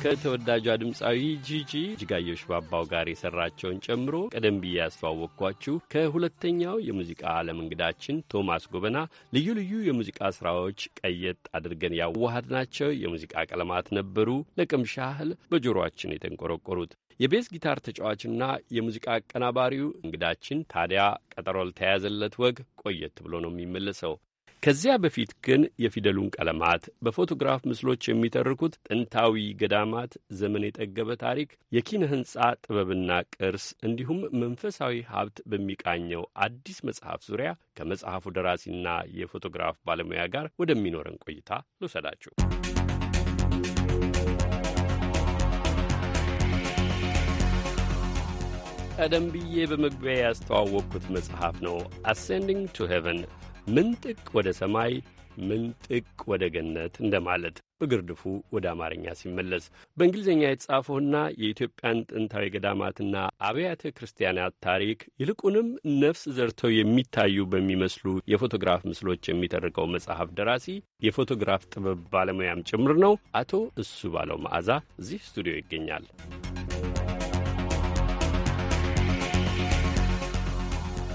ከተወዳጇ ድምፃዊ ጂጂ ጅጋየሁ ሽባባው ጋር የሰራቸውን ጨምሮ ቀደም ብዬ ያስተዋወቅኳችሁ ከሁለተኛው የሙዚቃ ዓለም እንግዳችን ቶማስ ጎበና ልዩ ልዩ የሙዚቃ ስራዎች ቀየጥ አድርገን ያዋሃድናቸው የሙዚቃ ቀለማት ነበሩ። ለቅምሻ ያህል በጆሮአችን የተንቆረቆሩት የቤስ ጊታር ተጫዋችና የሙዚቃ አቀናባሪው እንግዳችን ታዲያ ቀጠሮ ለተያያዘለት ወግ ቆየት ብሎ ነው የሚመለሰው። ከዚያ በፊት ግን የፊደሉን ቀለማት በፎቶግራፍ ምስሎች የሚተርኩት ጥንታዊ ገዳማት፣ ዘመን የጠገበ ታሪክ፣ የኪነ ሕንፃ ጥበብና ቅርስ እንዲሁም መንፈሳዊ ሀብት በሚቃኘው አዲስ መጽሐፍ ዙሪያ ከመጽሐፉ ደራሲና የፎቶግራፍ ባለሙያ ጋር ወደሚኖረን ቆይታ ልውሰዳችሁ። ቀደም ብዬ በመግቢያ ያስተዋወቅኩት መጽሐፍ ነው አሴንዲንግ ቱ ሄቨን ምንጥቅ ወደ ሰማይ ምንጥቅ ወደ ገነት እንደማለት በግርድፉ ወደ አማርኛ ሲመለስ በእንግሊዝኛ የተጻፈውና የኢትዮጵያን ጥንታዊ ገዳማትና አብያተ ክርስቲያናት ታሪክ ይልቁንም ነፍስ ዘርተው የሚታዩ በሚመስሉ የፎቶግራፍ ምስሎች የሚተርከው መጽሐፍ ደራሲ የፎቶግራፍ ጥበብ ባለሙያም ጭምር ነው። አቶ እሱ ባለው መዓዛ እዚህ ስቱዲዮ ይገኛል።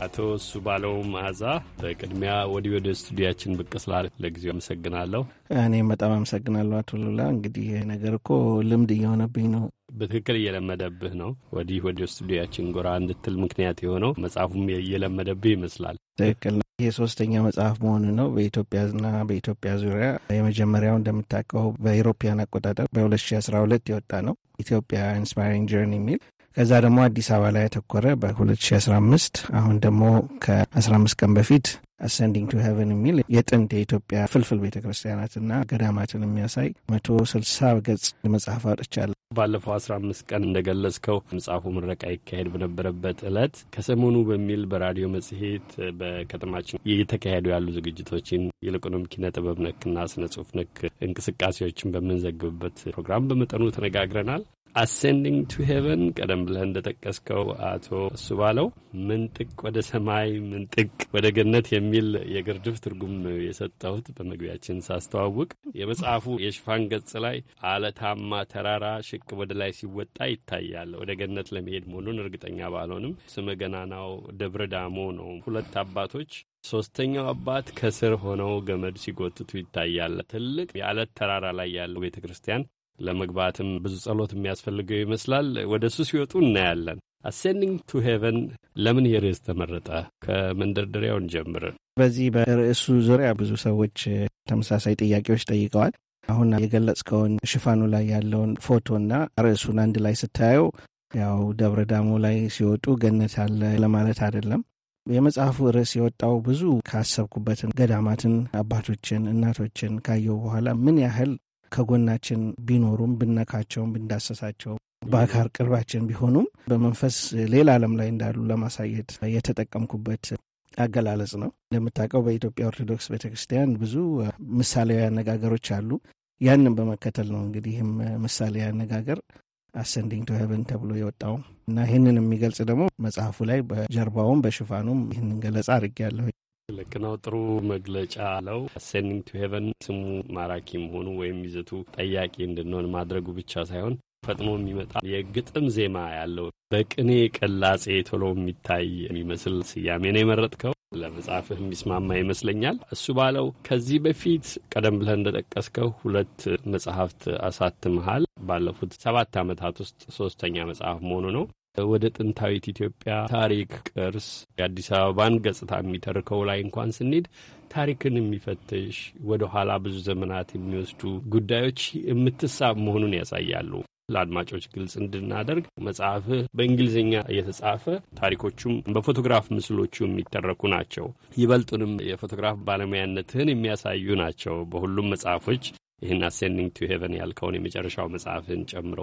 አቶ እሱ ባለው መዓዛ በቅድሚያ ወዲህ ወደ ስቱዲያችን ብቅ ስላለ ለጊዜው አመሰግናለሁ። እኔም በጣም አመሰግናለሁ አቶ ሉላ። እንግዲህ ይህ ነገር እኮ ልምድ እየሆነብኝ ነው። በትክክል እየለመደብህ ነው። ወዲህ ወደ ስቱዲያችን ጎራ እንድትል ምክንያት የሆነው መጽሐፉም እየለመደብህ ይመስላል። ትክክል ነው። ይህ ሶስተኛ መጽሐፍ መሆኑ ነው። በኢትዮጵያና በኢትዮጵያ ዙሪያ የመጀመሪያው እንደምታውቀው በኢሮፓያን አቆጣጠር በ2012 የወጣ ነው። ኢትዮጵያ ኢንስፓሪንግ ጀርኒ የሚል ከዛ ደግሞ አዲስ አበባ ላይ ያተኮረ በ2015 አሁን ደግሞ ከ15 ቀን በፊት አሰንዲንግ ቱ ሄቨን የሚል የጥንት የኢትዮጵያ ፍልፍል ቤተ ክርስቲያናትና ገዳማትን የሚያሳይ መቶ ስልሳ ገጽ መጽሐፍ አውጥቻለሁ። ባለፈው አስራ አምስት ቀን እንደገለጽከው መጽሐፉ ምረቃ ይካሄድ በነበረበት እለት ከሰሞኑ በሚል በራዲዮ መጽሔት በከተማችን እየተካሄዱ ያሉ ዝግጅቶችን ይልቁንም ኪነ ጥበብ ነክና ስነ ጽሁፍ ነክ እንቅስቃሴዎችን በምንዘግብበት ፕሮግራም በመጠኑ ተነጋግረናል። አሴንዲንግ ቱ ሄቨን ቀደም ብለህ እንደጠቀስከው አቶ እሱ ባለው ምንጥቅ ወደ ሰማይ ምንጥቅ ወደ ገነት የሚል የግርድፍ ትርጉም የሰጠሁት በመግቢያችን ሳስተዋውቅ የመጽሐፉ የሽፋን ገጽ ላይ አለታማ ተራራ ሽቅ ወደ ላይ ሲወጣ ይታያል። ወደ ገነት ለመሄድ መሆኑን እርግጠኛ ባልሆንም ስመ ገናናው ደብረ ዳሞ ነው። ሁለት አባቶች ሶስተኛው አባት ከስር ሆነው ገመድ ሲጎትቱ ይታያል። ትልቅ የአለት ተራራ ላይ ያለው ቤተ ክርስቲያን ለመግባትም ብዙ ጸሎት የሚያስፈልገው ይመስላል። ወደ እሱ ሲወጡ እናያለን። አሴንዲንግ ቱ ሄቨን ለምን የርዕስ ተመረጠ? ከመንደርደሪያውን ጀምር። በዚህ በርዕሱ ዙሪያ ብዙ ሰዎች ተመሳሳይ ጥያቄዎች ጠይቀዋል። አሁን የገለጽከውን ሽፋኑ ላይ ያለውን ፎቶና ርዕሱን አንድ ላይ ስታየው ያው ደብረ ዳሞ ላይ ሲወጡ ገነት አለ ለማለት አይደለም። የመጽሐፉ ርዕስ የወጣው ብዙ ካሰብኩበትን ገዳማትን፣ አባቶችን፣ እናቶችን ካየው በኋላ ምን ያህል ከጎናችን ቢኖሩም ብነካቸውም ብንዳሰሳቸውም በአካል ቅርባችን ቢሆኑም በመንፈስ ሌላ ዓለም ላይ እንዳሉ ለማሳየት የተጠቀምኩበት አገላለጽ ነው። እንደምታውቀው በኢትዮጵያ ኦርቶዶክስ ቤተክርስቲያን ብዙ ምሳሌያዊ አነጋገሮች አሉ። ያንን በመከተል ነው እንግዲህ ይህም ምሳሌያዊ አነጋገር አሰንዲንግ ቱ ሄቨን ተብሎ የወጣው እና ይህንን የሚገልጽ ደግሞ መጽሐፉ ላይ በጀርባውም በሽፋኑም ይህንን ገለጻ አድርጌያለሁ። ልክ ነው። ጥሩ መግለጫ አለው። ሴንዲንግ ቱ ሄቨን ስሙ ማራኪ መሆኑ ወይም ይዘቱ ጠያቂ እንድንሆን ማድረጉ ብቻ ሳይሆን ፈጥኖ የሚመጣ የግጥም ዜማ ያለው በቅኔ ቅላጼ ቶሎ የሚታይ የሚመስል ስያሜ ነው የመረጥከው። ለመጽሐፍህ የሚስማማ ይመስለኛል። እሱ ባለው ከዚህ በፊት ቀደም ብለህ እንደጠቀስከው ሁለት መጽሐፍት አሳትመሃል። ባለፉት ሰባት ዓመታት ውስጥ ሶስተኛ መጽሐፍ መሆኑ ነው። ወደ ጥንታዊት ኢትዮጵያ ታሪክ፣ ቅርስ የአዲስ አበባን ገጽታ የሚተርከው ላይ እንኳን ስንሄድ ታሪክን የሚፈትሽ ወደ ኋላ ብዙ ዘመናት የሚወስዱ ጉዳዮች የምትሳብ መሆኑን ያሳያሉ። ለአድማጮች ግልጽ እንድናደርግ መጽሐፍህ በእንግሊዝኛ የተጻፈ ታሪኮቹም በፎቶግራፍ ምስሎቹ የሚተረኩ ናቸው። ይበልጡንም የፎቶግራፍ ባለሙያነትህን የሚያሳዩ ናቸው። በሁሉም መጽሐፎች ይህን አሴንዲንግ ቱ ሄቨን ያልከውን የመጨረሻው መጽሐፍን ጨምሮ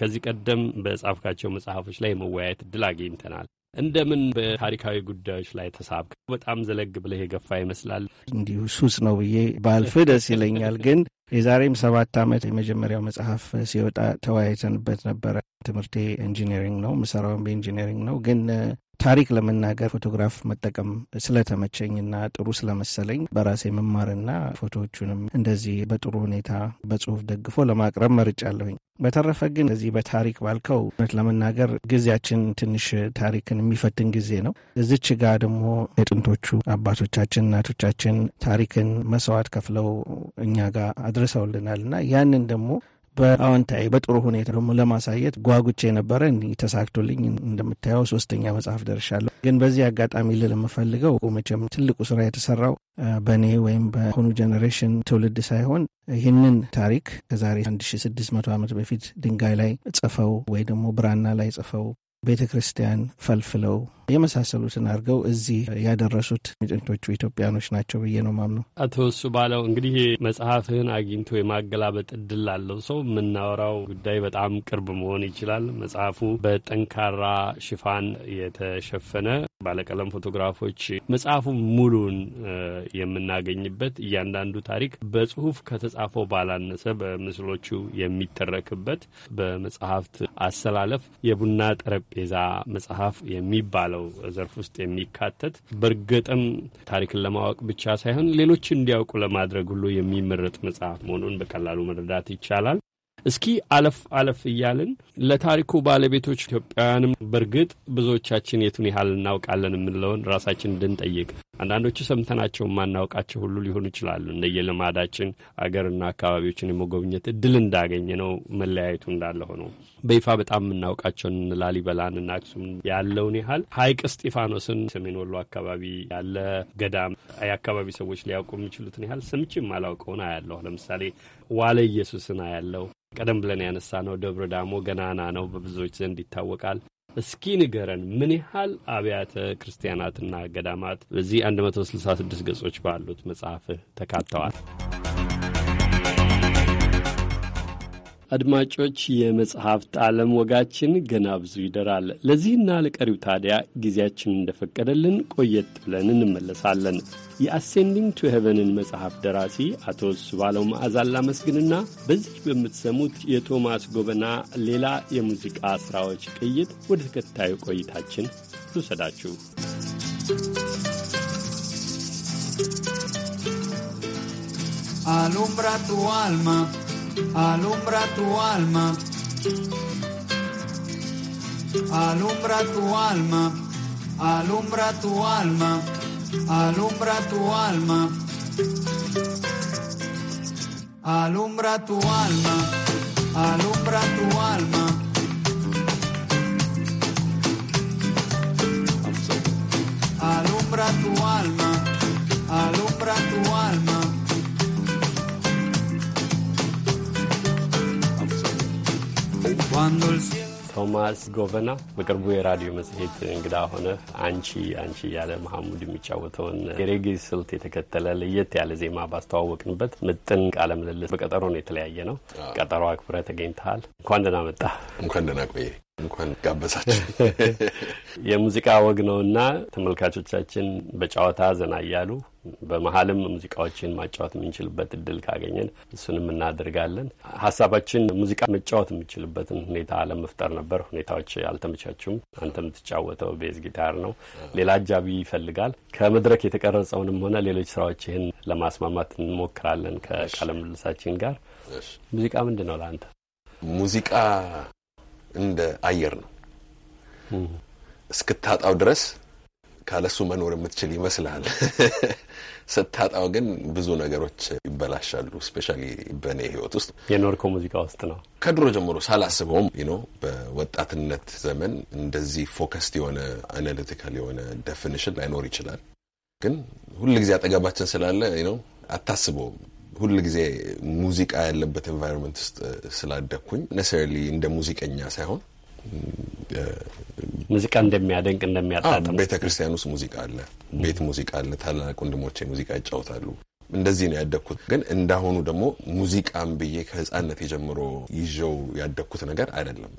ከዚህ ቀደም በጻፍካቸው መጽሐፎች ላይ መወያየት እድል አግኝተናል። እንደምን በታሪካዊ ጉዳዮች ላይ ተሳብክ? በጣም ዘለግ ብለህ የገፋ ይመስላል። እንዲሁ ሱስ ነው ብዬ ባልፍ ደስ ይለኛል። ግን የዛሬም ሰባት ዓመት የመጀመሪያው መጽሐፍ ሲወጣ ተወያይተንበት ነበረ። ትምህርቴ ኢንጂነሪንግ ነው፣ ምሰራውን በኢንጂነሪንግ ነው። ግን ታሪክ ለመናገር ፎቶግራፍ መጠቀም ስለተመቸኝና ጥሩ ስለመሰለኝ በራሴ መማርና ፎቶዎቹንም እንደዚህ በጥሩ ሁኔታ በጽሁፍ ደግፎ ለማቅረብ መርጫለሁኝ። በተረፈ ግን እዚህ በታሪክ ባልከው እውነት ለመናገር ጊዜያችን ትንሽ ታሪክን የሚፈትን ጊዜ ነው። እዚች ጋ ደግሞ የጥንቶቹ አባቶቻችን እናቶቻችን ታሪክን መስዋዕት ከፍለው እኛ ጋር አድርሰውልናል እና ያንን ደግሞ በአዎንታዊ በጥሩ ሁኔታ ደግሞ ለማሳየት ጓጉቼ ነበረ። ተሳክቶልኝ እንደምታየው ሶስተኛ መጽሐፍ ደርሻለሁ። ግን በዚህ አጋጣሚ ልል የምፈልገው መቼም ትልቁ ስራ የተሰራው በእኔ ወይም በአሁኑ ጀኔሬሽን ትውልድ ሳይሆን ይህንን ታሪክ ከዛሬ 1600 ዓመት በፊት ድንጋይ ላይ ጽፈው ወይ ደግሞ ብራና ላይ ጽፈው ቤተ ክርስቲያን ፈልፍለው የመሳሰሉትን አድርገው እዚህ ያደረሱት ሚጥንቶቹ ኢትዮጵያኖች ናቸው ብዬ ነው ማምነው። አቶ እሱ ባለው እንግዲህ መጽሐፍህን አግኝቶ የማገላበጥ እድል ላለው ሰው የምናወራው ጉዳይ በጣም ቅርብ መሆን ይችላል። መጽሐፉ በጠንካራ ሽፋን የተሸፈነ ባለቀለም ፎቶግራፎች መጽሐፉን ሙሉን የምናገኝበት እያንዳንዱ ታሪክ በጽሁፍ ከተጻፈው ባላነሰ በምስሎቹ የሚተረክበት በመጽሐፍት አሰላለፍ የቡና ጠረጴዛ መጽሐፍ የሚባለው ዘርፍ ውስጥ የሚካተት በእርግጥም ታሪክን ለማወቅ ብቻ ሳይሆን ሌሎች እንዲያውቁ ለማድረግ ሁሉ የሚመረጥ መጽሐፍ መሆኑን በቀላሉ መረዳት ይቻላል። እስኪ አለፍ አለፍ እያልን ለታሪኩ ባለቤቶች ኢትዮጵያውያንም በእርግጥ ብዙዎቻችን የቱን ያህል እናውቃለን የምንለውን ራሳችን እንድንጠይቅ አንዳንዶቹ ሰምተናቸው የማናውቃቸው ሁሉ ሊሆኑ ይችላሉ። እንደየልማዳችን አገርና አካባቢዎችን የመጎብኘት እድል እንዳገኘ ነው መለያየቱ እንዳለ ሆኖ በይፋ በጣም የምናውቃቸውን ላሊበላን እና አክሱም ያለውን ያህል ሐይቅ እስጢፋኖስን ሰሜን ወሎ አካባቢ ያለ ገዳም የአካባቢ ሰዎች ሊያውቁ የሚችሉትን ያህል ስምችም አላውቀውን አያለሁ። ለምሳሌ ዋለ ኢየሱስን አያለው። ቀደም ብለን ያነሳ ነው ደብረ ዳሞ ገናና ነው፣ በብዙዎች ዘንድ ይታወቃል። እስኪ ንገረን ምን ያህል አብያተ ክርስቲያናትና ገዳማት በዚህ 166 ገጾች ባሉት መጽሐፍህ ተካተዋል? አድማጮች፣ የመጽሐፍት ዓለም ወጋችን ገና ብዙ ይደራል። ለዚህና ለቀሪው ታዲያ ጊዜያችን እንደፈቀደልን ቆየት ብለን እንመለሳለን። የአሴንዲንግ ቱ ሄቨንን መጽሐፍ ደራሲ አቶ ስባለው መዓዛን ላመስግንና በዚህ በምትሰሙት የቶማስ ጎበና ሌላ የሙዚቃ ሥራዎች ቅይጥ ወደ ተከታዩ ቆይታችን ልውሰዳችሁ። Alumbra tu alma alumbra tu alma, alumbra tu alma, alumbra tu alma, alumbra tu alma, alumbra tu alma, alumbra tu alma. Alumbra tu alma, alumbra tu alma. ቶማስ ጎበና በቅርቡ የራዲዮ መጽሔት እንግዳ ሆነ አንቺ አንቺ ያለ መሐሙድ የሚጫወተውን የሬጌ ስልት የተከተለ ለየት ያለ ዜማ ባስተዋወቅንበት ምጥን ቃለ ምልልስ በቀጠሮ ነው የተለያየ ነው። ቀጠሮ አክብረ ተገኝተሃል። እንኳን ደህና መጣ። እንኳን ደህና ቆየ። እንኳን ጋበዛችሁ። <laughs> የሙዚቃ ወግ ነውና ተመልካቾቻችን በጨዋታ ዘና እያሉ በመሀልም ሙዚቃዎችን ማጫወት የምንችልበት እድል ካገኘን እሱንም እናደርጋለን። ሀሳባችን ሙዚቃ መጫወት የምንችልበትን ሁኔታ ለመፍጠር ነበር። ሁኔታዎች አልተመቻቹም። አንተ የምትጫወተው ቤዝ ጊታር ነው፣ ሌላ አጃቢ ይፈልጋል። ከመድረክ የተቀረጸውንም ሆነ ሌሎች ስራዎች ይህን ለማስማማት እንሞክራለን ከቃለ ምልልሳችን ጋር። ሙዚቃ ምንድን ነው ለአንተ? ሙዚቃ እንደ አየር ነው። እስክታጣው ድረስ ካለሱ መኖር የምትችል ይመስላል። <laughs> ስታጣው ግን ብዙ ነገሮች ይበላሻሉ። እስፔሻሊ በእኔ ህይወት ውስጥ የኖርኮ ሙዚቃ ውስጥ ነው ከድሮ ጀምሮ ሳላስበውም ኖ በወጣትነት ዘመን እንደዚህ ፎከስ የሆነ አናሊቲካል የሆነ ደፊኒሽን ላይኖር ይችላል። ግን ጊዜ አጠገባችን ስላለ ነው አታስበውም። ጊዜ ሙዚቃ ያለበት ኤንቫይሮንመንት ውስጥ ስላደግኩኝ ነሰሪ እንደ ሙዚቀኛ ሳይሆን ሙዚቃ እንደሚያደንቅ እንደሚያጣጥም ቤተ ክርስቲያን ውስጥ ሙዚቃ አለ፣ ቤት ሙዚቃ አለ። ታላላቅ ወንድሞቼ ሙዚቃ ይጫወታሉ። እንደዚህ ነው ያደግኩት። ግን እንዳሁኑ ደግሞ ሙዚቃም ብዬ ከህፃነት የጀምሮ ይዤው ያደግኩት ነገር አይደለም።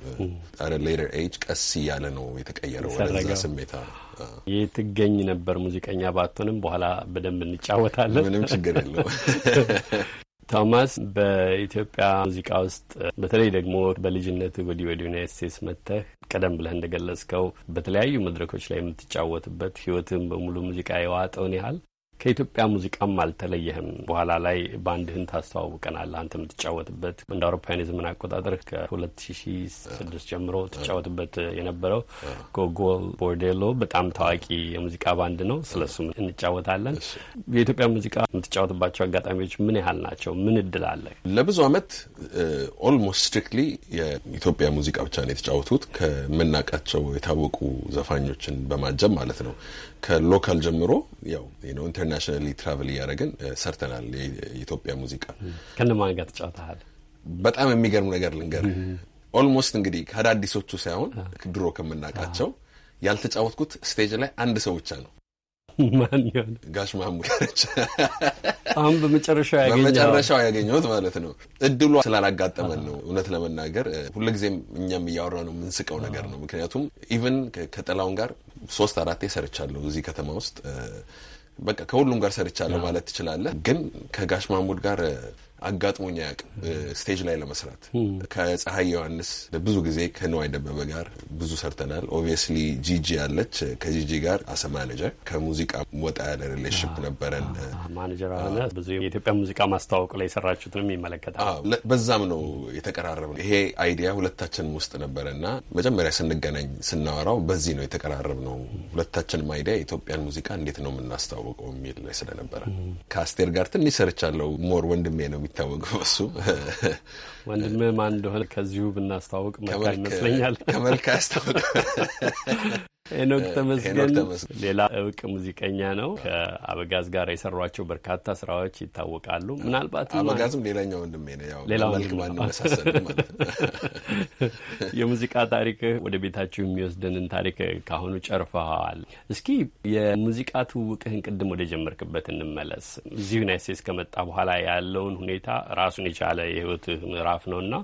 ሌተር ኤጅ ቀስ እያለ ነው የተቀየረው ወደዛ ስሜታ ትገኝ ነበር ሙዚቀኛ ባትሆንም በኋላ በደንብ እንጫወታለን። ምንም ችግር የለው። <laughs> ቶማስ በኢትዮጵያ ሙዚቃ ውስጥ በተለይ ደግሞ በልጅነት ወዲህ ወደ ዩናይት ስቴትስ መጥተህ ቀደም ብለህ እንደገለጽከው በተለያዩ መድረኮች ላይ የምትጫወትበት ህይወትን በሙሉ ሙዚቃ የዋጠውን ያህል ከኢትዮጵያ ሙዚቃም አልተለየህም። በኋላ ላይ ባንድህን ታስተዋውቀናል። አንተ የምትጫወትበት እንደ አውሮፓውያን የዘመን አቆጣጠር ከ2006 ጀምሮ ትጫወትበት የነበረው ጎጎል ቦርዴሎ በጣም ታዋቂ የሙዚቃ ባንድ ነው። ስለሱም እንጫወታለን። የኢትዮጵያ ሙዚቃ የምትጫወትባቸው አጋጣሚዎች ምን ያህል ናቸው? ምን እድል አለ? ለብዙ ዓመት ኦልሞስት ስትሪክትሊ የኢትዮጵያ ሙዚቃ ብቻ ነው የተጫወቱት ከምናውቃቸው የታወቁ ዘፋኞችን በማጀብ ማለት ነው። ከሎካል ጀምሮ ያው ነው ኢንተርናሽናሊ ትራቨል እያደረግን uh, ሰርተናል። የኢትዮጵያ ሙዚቃ ከነማን ጋር ተጫውተሃል? በጣም የሚገርም ነገር ልንገር። ኦልሞስት እንግዲህ ከአዳዲሶቹ ሳይሆን ድሮ ከምናውቃቸው ያልተጫወትኩት ስቴጅ ላይ አንድ ሰው ብቻ ነው። ጋሽ ማሙድ አሁን በመጨረሻው ያገኘሁት ማለት ነው። እድሉ ስላላጋጠመን ነው። እውነት ለመናገር ሁልጊዜም እኛም እያወራ ነው የምንስቀው ነገር ነው። ምክንያቱም ኢቨን ከጠላውን ጋር ሶስት አራቴ ሰርቻለሁ እዚህ ከተማ ውስጥ በቃ ከሁሉም ጋር ሰርቻለሁ ማለት ትችላለህ። ግን ከጋሽ ማሙድ ጋር አጋጥሞኝ አያውቅም። ስቴጅ ላይ ለመስራት ከፀሐይ ዮሐንስ ብዙ ጊዜ ከነዋይ ደበበ ጋር ብዙ ሰርተናል። ኦብቪየስሊ ጂጂ አለች ከጂጂ ጋር አሰ ማኔጀር ከሙዚቃ ወጣ ያለ ሪሌሽንሽፕ ነበረን። ማኔጀር አለ ብዙ የኢትዮጵያ ሙዚቃ ማስተዋወቁ ላይ የሰራችሁትንም ይመለከታል። በዛም ነው የተቀራረብ ነው። ይሄ አይዲያ ሁለታችንም ውስጥ ነበረ እና መጀመሪያ ስንገናኝ ስናወራው በዚህ ነው የተቀራረብ ነው። ሁለታችንም አይዲያ የኢትዮጵያን ሙዚቃ እንዴት ነው የምናስተዋወቀው የሚል ላይ ስለነበረ ከአስቴር ጋር ትንሽ ሰርቻለው። ሞር ወንድሜ ነው የሚታወቀው እሱ ወንድም ማን እንደሆነ ከዚሁ ብናስተዋውቅ መልካ ይመስለኛል። ከመልካ ያስታውቅ <laughs> ሄኖክ ተመስገን ሌላ እውቅ ሙዚቀኛ ነው። ከአበጋዝ ጋር የሰሯቸው በርካታ ስራዎች ይታወቃሉ። ምናልባት አበጋዝም ሌላኛው ወንድሜ ነው። ሌላ <laughs> የሙዚቃ ታሪክ ወደ ቤታችሁ የሚወስድንን ታሪክ ካሁኑ ጨርፈዋል። እስኪ የሙዚቃ ትውውቅህን ቅድም ወደ ጀመርክበት እንመለስ። እዚህ ዩናይት ስቴትስ ከመጣ በኋላ ያለውን ሁኔታ ራሱን የቻለ የህይወት ምዕራፍ ነው ነውና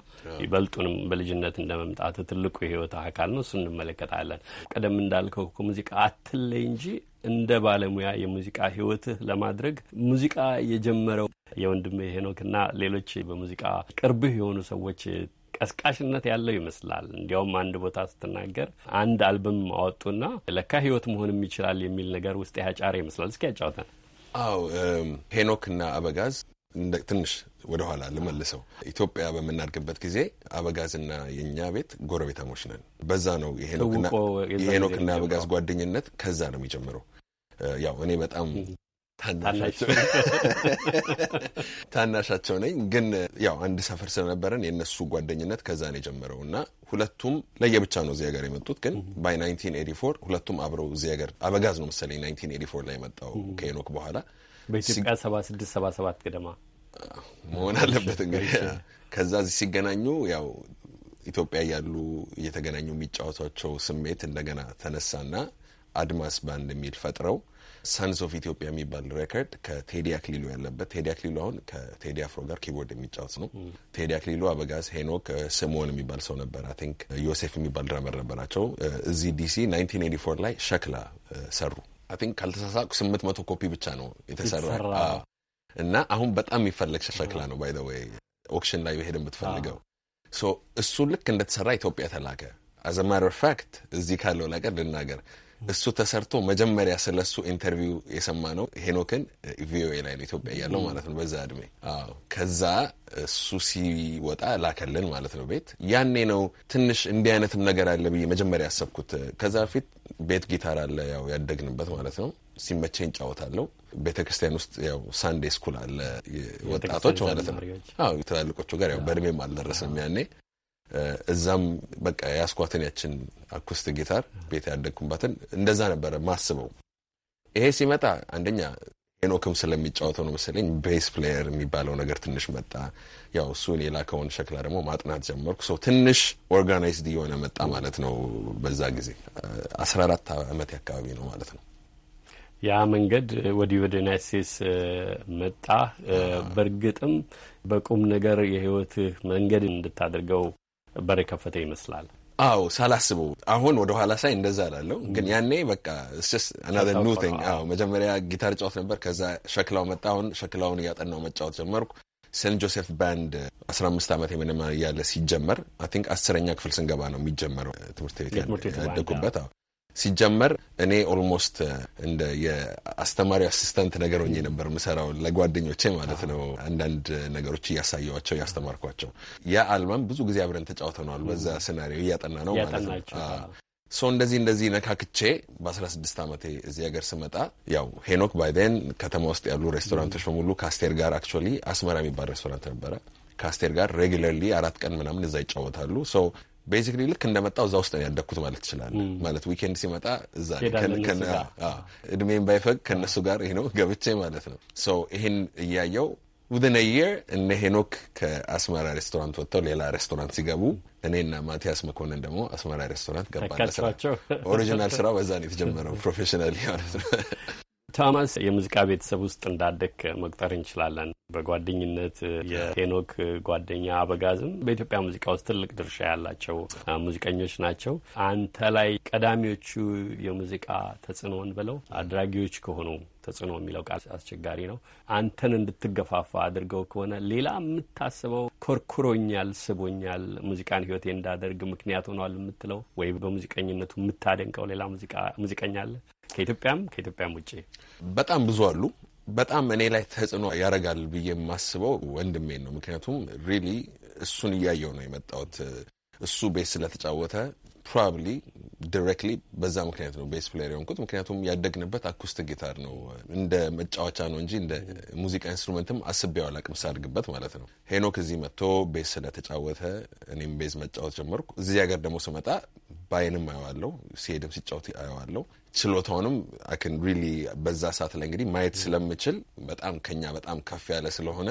ይበልጡንም በልጅነት እንደመምጣት ትልቁ የህይወት አካል ነው። እሱ እንመለከታለን ቀደም እንዳልከው ከሙዚቃ አትለይ እንጂ እንደ ባለሙያ የሙዚቃ ህይወትህ ለማድረግ ሙዚቃ የጀመረው የወንድም ሄኖክና ሌሎች በሙዚቃ ቅርብህ የሆኑ ሰዎች ቀስቃሽነት ያለው ይመስላል። እንዲያውም አንድ ቦታ ስትናገር አንድ አልበም አወጡና ለካ ህይወት መሆንም ይችላል የሚል ነገር ውስጥ ያጫረ ይመስላል። እስኪ ያጫውተን። አው ሄኖክና አበጋዝ ትንሽ ወደኋላ ልመልሰው። ኢትዮጵያ በምናድግበት ጊዜ አበጋዝና የእኛ ቤት ጎረቤታሞች ነን። በዛ ነው የሄኖክና አበጋዝ ጓደኝነት ከዛ ነው የሚጀምረው። ያው እኔ በጣም <laughs> ታናሻቸው ነኝ፣ ግን ያው አንድ ሰፈር ስለነበረን የእነሱ ጓደኝነት ከዛ ነው የጀመረው እና ሁለቱም ለየብቻ ነው እዚህ ሀገር የመጡት። ግን ባይ 1984 ሁለቱም አብረው እዚህ ሀገር አበጋዝ ነው መሰለኝ 1984 ላይ መጣው ከሄኖክ በኋላ በኢትዮጵያ ሰባ ስድስት ሰባ ሰባት ገደማ መሆን አለበት እንግዲህ ከዛ ሲገናኙ ያው ኢትዮጵያ ያሉ እየተገናኙ የሚጫወቷቸው ስሜት እንደገና ተነሳና አድማስ ባንድ የሚል ፈጥረው ሳንስ ኦፍ ኢትዮጵያ የሚባል ሬከርድ ከቴዲ አክሊሉ ያለበት ቴዲ አክሊሉ አሁን ከቴዲ አፍሮ ጋር ኪቦርድ የሚጫወት ነው። ቴዲ አክሊሉ፣ አበጋዝ ሄኖክ፣ ስምኦን የሚባል ሰው ነበር። አይ ቲንክ ዮሴፍ የሚባል ድራመር ነበራቸው። እዚህ ዲሲ 1984 ላይ ሸክላ ሰሩ። አይ ቲንክ ካልተሳሳቁ ስምንት መቶ ኮፒ ብቻ ነው የተሰራ እና አሁን በጣም የሚፈለግ ሸክላ ነው። ባይ ዘ ዌይ ኦክሽን ላይ መሄድ የምትፈልገው እሱ ልክ እንደተሰራ ኢትዮጵያ ተላከ። አዘ ማተር ፋክት እዚህ ካለው ነገር ልናገር እሱ ተሰርቶ መጀመሪያ ስለ እሱ ኢንተርቪው የሰማ ነው ሄኖክን ቪኦኤ ላይ ነው ኢትዮጵያ እያለው ማለት ነው በዛ እድሜ። አዎ ከዛ እሱ ሲወጣ ላከልን ማለት ነው ቤት። ያኔ ነው ትንሽ እንዲህ አይነትም ነገር አለ ብዬ መጀመሪያ ያሰብኩት። ከዛ በፊት ቤት ጊታር አለ ያው ያደግንበት ማለት ነው። ሲመቸኝ እጫወታለሁ። ቤተ ክርስቲያን ውስጥ ያው ሳንዴ ስኩል አለ ወጣቶች ማለት ነው። ትላልቆቹ ጋር ያው በእድሜም አልደረስንም ያኔ እዛም በቃ ያስኳትን ያችን አኩስት ጊታር ቤት ያደግኩባትን እንደዛ ነበረ ማስበው። ይሄ ሲመጣ አንደኛ ሄኖክም ስለሚጫወተው ነው መሰለኝ ቤስ ፕሌየር የሚባለው ነገር ትንሽ መጣ። ያው እሱን የላከውን ሸክላ ደግሞ ማጥናት ጀመርኩ። ሰው ትንሽ ኦርጋናይዝድ እየሆነ መጣ ማለት ነው። በዛ ጊዜ አስራ አራት ዓመት አካባቢ ነው ማለት ነው። ያ መንገድ ወዲህ ወደ ዩናይት ስቴትስ መጣ። በእርግጥም በቁም ነገር የህይወትህ መንገድ እንድታደርገው በር የከፈተ ይመስላል። አዎ ሳላስበው አሁን ወደ ኋላ ሳይ እንደዛ ላለው ግን ያኔ በቃ አናዘር ኒው ቲንግ። አዎ መጀመሪያ ጊታር ጫወት ነበር። ከዛ ሸክላው መጣ። አሁን ሸክላውን እያጠናው መጫወት ጀመርኩ። ሴንት ጆሴፍ ባንድ 15 ዓመት የምንማ እያለ ሲጀመር አይ ቲንክ አስረኛ ክፍል ስንገባ ነው የሚጀመረው ትምህርት ቤት ያደጉበት። አዎ ሲጀመር እኔ ኦልሞስት እንደ የአስተማሪ አሲስታንት ነገር ሆኜ ነበር ምሰራው ለጓደኞቼ ማለት ነው። አንዳንድ ነገሮች እያሳየዋቸው እያስተማርኳቸው፣ ያ አልበም ብዙ ጊዜ አብረን ተጫውተነዋል። በዛ ስናሪዮ እያጠና ነው ማለት ነው። ሶ እንደዚህ እንደዚህ ነካክቼ በ16 ዓመቴ እዚህ ሀገር ስመጣ ያው ሄኖክ ባይደን ከተማ ውስጥ ያሉ ሬስቶራንቶች በሙሉ ከአስቴር ጋር አክቹዋሊ አስመራ የሚባል ሬስቶራንት ነበረ ከአስቴር ጋር ሬጉለርሊ አራት ቀን ምናምን እዛ ይጫወታሉ። ሶ ቤዚክሊ ልክ እንደመጣው እዛ ውስጥ ነው ያደግኩት ማለት ትችላለ። ማለት ዊኬንድ ሲመጣ እዛ እድሜን ባይፈግ ከእነሱ ጋር ይህ ነው ገብቼ ማለት ነው። ሶ ይህን እያየው ውድን የር እነ ሄኖክ ከአስመራ ሬስቶራንት ወጥተው ሌላ ሬስቶራንት ሲገቡ እኔና ማቲያስ መኮንን ደግሞ አስመራ ሬስቶራንት ገባ። ኦሪጂናል ስራ በዛ ነው የተጀመረው ፕሮፌሽናል <laughs> ማለት ነው። ቶማስ የሙዚቃ ቤተሰብ ውስጥ እንዳደክ መቁጠር እንችላለን። በጓደኝነት የሄኖክ ጓደኛ አበጋዝም በኢትዮጵያ ሙዚቃ ውስጥ ትልቅ ድርሻ ያላቸው ሙዚቀኞች ናቸው። አንተ ላይ ቀዳሚዎቹ የሙዚቃ ተጽዕኖን ብለው አድራጊዎች ከሆኑ ተጽዕኖ የሚለው ቃል አስቸጋሪ ነው። አንተን እንድትገፋፋ አድርገው ከሆነ ሌላ የምታስበው ኮርኩሮኛል፣ ስቦኛል፣ ሙዚቃን ህይወቴ እንዳደርግ ምክንያት ሆኗል የምትለው ወይ በሙዚቀኝነቱ የምታደንቀው ሌላ ሙዚቀኛ አለ? ከኢትዮጵያም ከኢትዮጵያም ውጭ በጣም ብዙ አሉ። በጣም እኔ ላይ ተጽዕኖ ያደርጋል ብዬ የማስበው ወንድሜን ነው። ምክንያቱም ሪሊ እሱን እያየው ነው የመጣሁት። እሱ ቤት ስለተጫወተ ፕሮባብሊ ዲሬክትሊ በዛ ምክንያት ነው ቤስ ፕሌየር የሆንኩት። ምክንያቱም ያደግንበት አኩስቲክ ጊታር ነው እንደ መጫወቻ ነው እንጂ እንደ ሙዚቃ ኢንስትሩመንትም አስቤው አላቅም ሳድግበት ማለት ነው። ሄኖክ እዚህ መጥቶ ቤስ ስለተጫወተ እኔም ቤዝ መጫወት ጀመርኩ። እዚህ ሀገር ደግሞ ስመጣ በአይንም አየዋለሁ፣ ሲሄድም ሲጫወት አየዋለሁ። ችሎታውንም አክን ሪሊ በዛ ሰዓት ላይ እንግዲህ ማየት ስለምችል በጣም ከኛ በጣም ከፍ ያለ ስለሆነ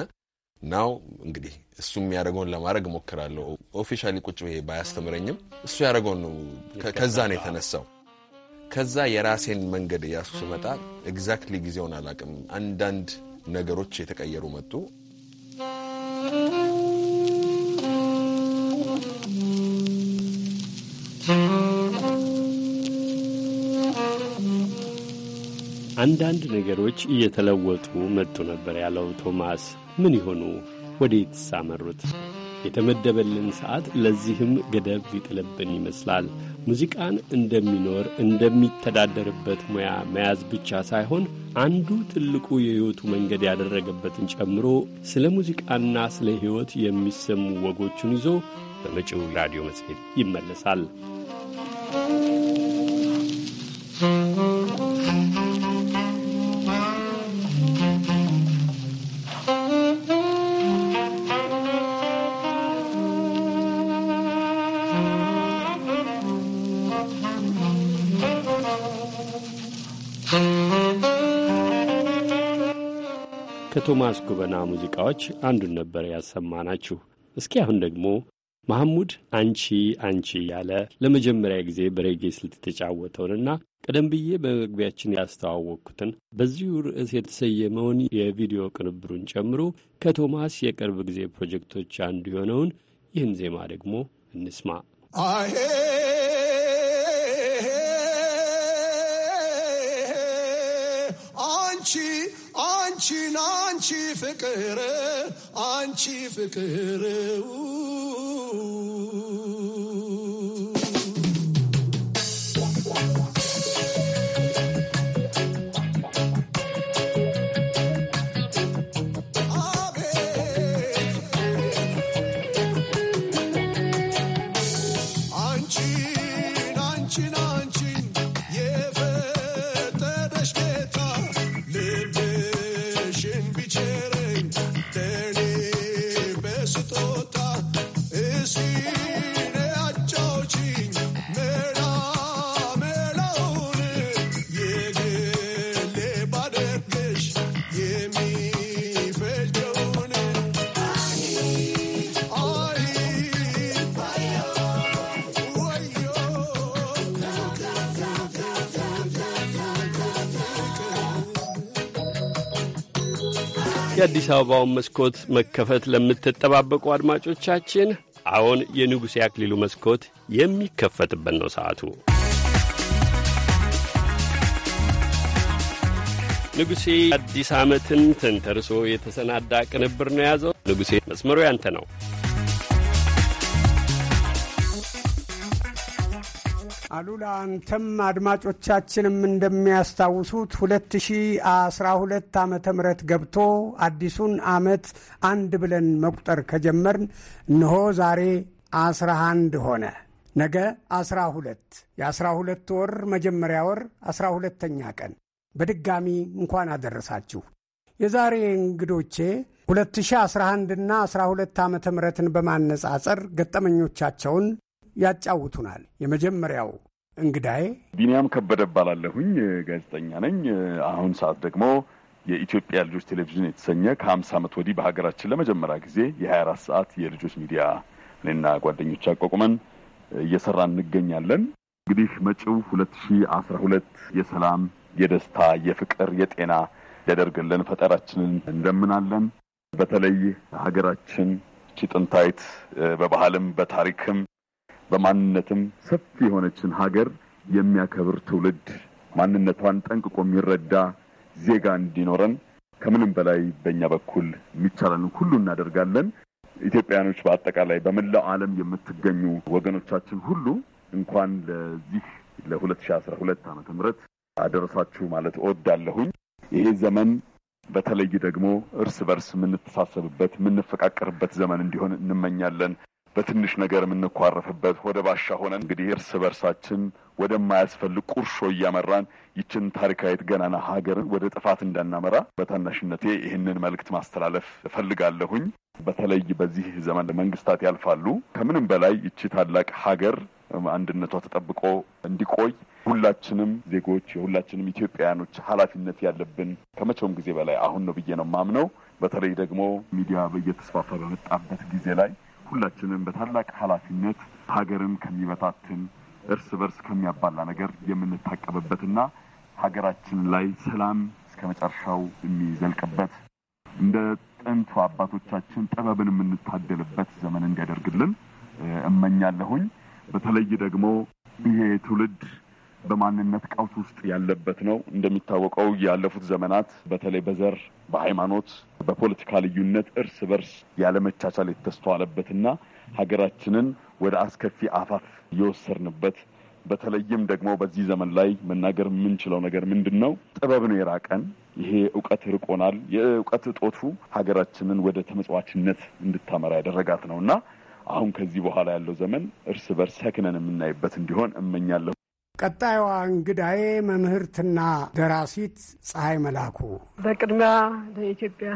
ናው እንግዲህ እሱ የሚያደርገውን ለማድረግ እሞክራለሁ። ኦፊሻሊ ቁጭ ብዬ ባያስተምረኝም እሱ ያደረገውን ነው። ከዛ ነው የተነሳው። ከዛ የራሴን መንገድ እያሱ ስመጣ ኤግዛክትሊ ጊዜውን አላውቅም። አንዳንድ ነገሮች የተቀየሩ መጡ። አንዳንድ ነገሮች እየተለወጡ መጡ ነበር ያለው ቶማስ ምን ይሆኑ? ወዴትስ አመሩት? የተመደበልን ሰዓት ለዚህም ገደብ ይጥልብን ይመስላል። ሙዚቃን እንደሚኖር እንደሚተዳደርበት ሙያ መያዝ ብቻ ሳይሆን አንዱ ትልቁ የሕይወቱ መንገድ ያደረገበትን ጨምሮ ስለ ሙዚቃና ስለ ሕይወት የሚሰሙ ወጎቹን ይዞ በመጪው ራዲዮ መጽሔት ይመለሳል። ከቶማስ ጉበና ሙዚቃዎች አንዱን ነበር ያሰማናችሁ። እስኪ አሁን ደግሞ መሐሙድ አንቺ አንቺ ያለ ለመጀመሪያ ጊዜ በሬጌ ስልት የተጫወተውንና ቀደም ብዬ በመግቢያችን ያስተዋወቅኩትን በዚሁ ርዕስ የተሰየመውን የቪዲዮ ቅንብሩን ጨምሮ ከቶማስ የቅርብ ጊዜ ፕሮጀክቶች አንዱ የሆነውን ይህን ዜማ ደግሞ እንስማ። አንቺ አንቺን አንቺ ፍቅር አንቺ ፍቅር የአዲስ አበባውን መስኮት መከፈት ለምትጠባበቁ አድማጮቻችን፣ አዎን የንጉሴ አክሊሉ መስኮት የሚከፈትበት ነው ሰዓቱ። ንጉሴ አዲስ ዓመትን ተንተርሶ የተሰናዳ ቅንብር ነው የያዘው። ንጉሴ መስመሩ ያንተ ነው። አሉላ አንተም አድማጮቻችንም እንደሚያስታውሱት 2012 ዓመተ ምህረት ገብቶ አዲሱን ዓመት አንድ ብለን መቁጠር ከጀመርን እነሆ ዛሬ 11 ሆነ። ነገ 12 የ12 ወር መጀመሪያ ወር 12ተኛ ቀን በድጋሚ እንኳን አደረሳችሁ። የዛሬ እንግዶቼ 2011 እና 12 ዓመተ ምሕረትን በማነጻጸር ገጠመኞቻቸውን ያጫውቱናል። የመጀመሪያው እንግዳዬ ቢንያም ከበደ ባላለሁኝ ጋዜጠኛ ነኝ። አሁን ሰዓት ደግሞ የኢትዮጵያ ልጆች ቴሌቪዥን የተሰኘ ከሀምሳ ዓመት ወዲህ በሀገራችን ለመጀመሪያ ጊዜ የ24 ሰዓት የልጆች ሚዲያ እኔና ጓደኞች አቋቁመን እየሰራ እንገኛለን። እንግዲህ መጪው ሁለት የሰላም፣ የደስታ፣ የፍቅር፣ የጤና ያደርግልን ፈጠራችንን እንደምናለን። በተለይ ሀገራችን ቺ ጥንታዊት በባህልም በታሪክም በማንነትም ሰፊ የሆነችን ሀገር የሚያከብር ትውልድ ማንነቷን ጠንቅቆ የሚረዳ ዜጋ እንዲኖረን ከምንም በላይ በእኛ በኩል የሚቻለንን ሁሉ እናደርጋለን። ኢትዮጵያውያኖች በአጠቃላይ በመላው ዓለም የምትገኙ ወገኖቻችን ሁሉ እንኳን ለዚህ ለ2012 ዓመተ ምህረት አደረሳችሁ ማለት እወዳለሁኝ። ይሄ ዘመን በተለይ ደግሞ እርስ በርስ የምንተሳሰብበት የምንፈቃቀርበት ዘመን እንዲሆን እንመኛለን። በትንሽ ነገር የምንኳረፍበት ወደ ባሻ ሆነን እንግዲህ እርስ በርሳችን ወደማያስፈልግ ቁርሾ እያመራን ይችን ታሪካዊት ገናና ሀገርን ወደ ጥፋት እንዳናመራ በታናሽነቴ ይህንን መልእክት ማስተላለፍ እፈልጋለሁኝ። በተለይ በዚህ ዘመን መንግስታት ያልፋሉ። ከምንም በላይ ይቺ ታላቅ ሀገር አንድነቷ ተጠብቆ እንዲቆይ ሁላችንም ዜጎች የሁላችንም ኢትዮጵያውያኖች ኃላፊነት ያለብን ከመቼውም ጊዜ በላይ አሁን ነው ብዬ ነው ማምነው። በተለይ ደግሞ ሚዲያ በየተስፋፋ በመጣበት ጊዜ ላይ ሁላችንም በታላቅ ኃላፊነት ሀገርን ከሚበታትን እርስ በርስ ከሚያባላ ነገር የምንታቀብበትና ሀገራችን ላይ ሰላም እስከ መጨረሻው የሚዘልቅበት እንደ ጥንቱ አባቶቻችን ጥበብን የምንታደልበት ዘመን እንዲያደርግልን እመኛለሁኝ። በተለይ ደግሞ ይሄ ትውልድ በማንነት ቀውስ ውስጥ ያለበት ነው። እንደሚታወቀው ያለፉት ዘመናት በተለይ በዘር፣ በሃይማኖት፣ በፖለቲካ ልዩነት እርስ በርስ ያለመቻቻል የተስተዋለበትና ሀገራችንን ወደ አስከፊ አፋፍ የወሰድንበት በተለይም ደግሞ በዚህ ዘመን ላይ መናገር የምንችለው ነገር ምንድን ነው? ጥበብ ነው የራቀን። ይሄ እውቀት ርቆናል። የእውቀት እጦቱ ሀገራችንን ወደ ተመጽዋችነት እንድታመራ ያደረጋት ነው እና አሁን ከዚህ በኋላ ያለው ዘመን እርስ በርስ ሰክነን የምናይበት እንዲሆን እመኛለሁ። ቀጣዩዋ እንግዳዬ መምህርትና ደራሲት ፀሐይ መላኩ። በቅድሚያ ለኢትዮጵያ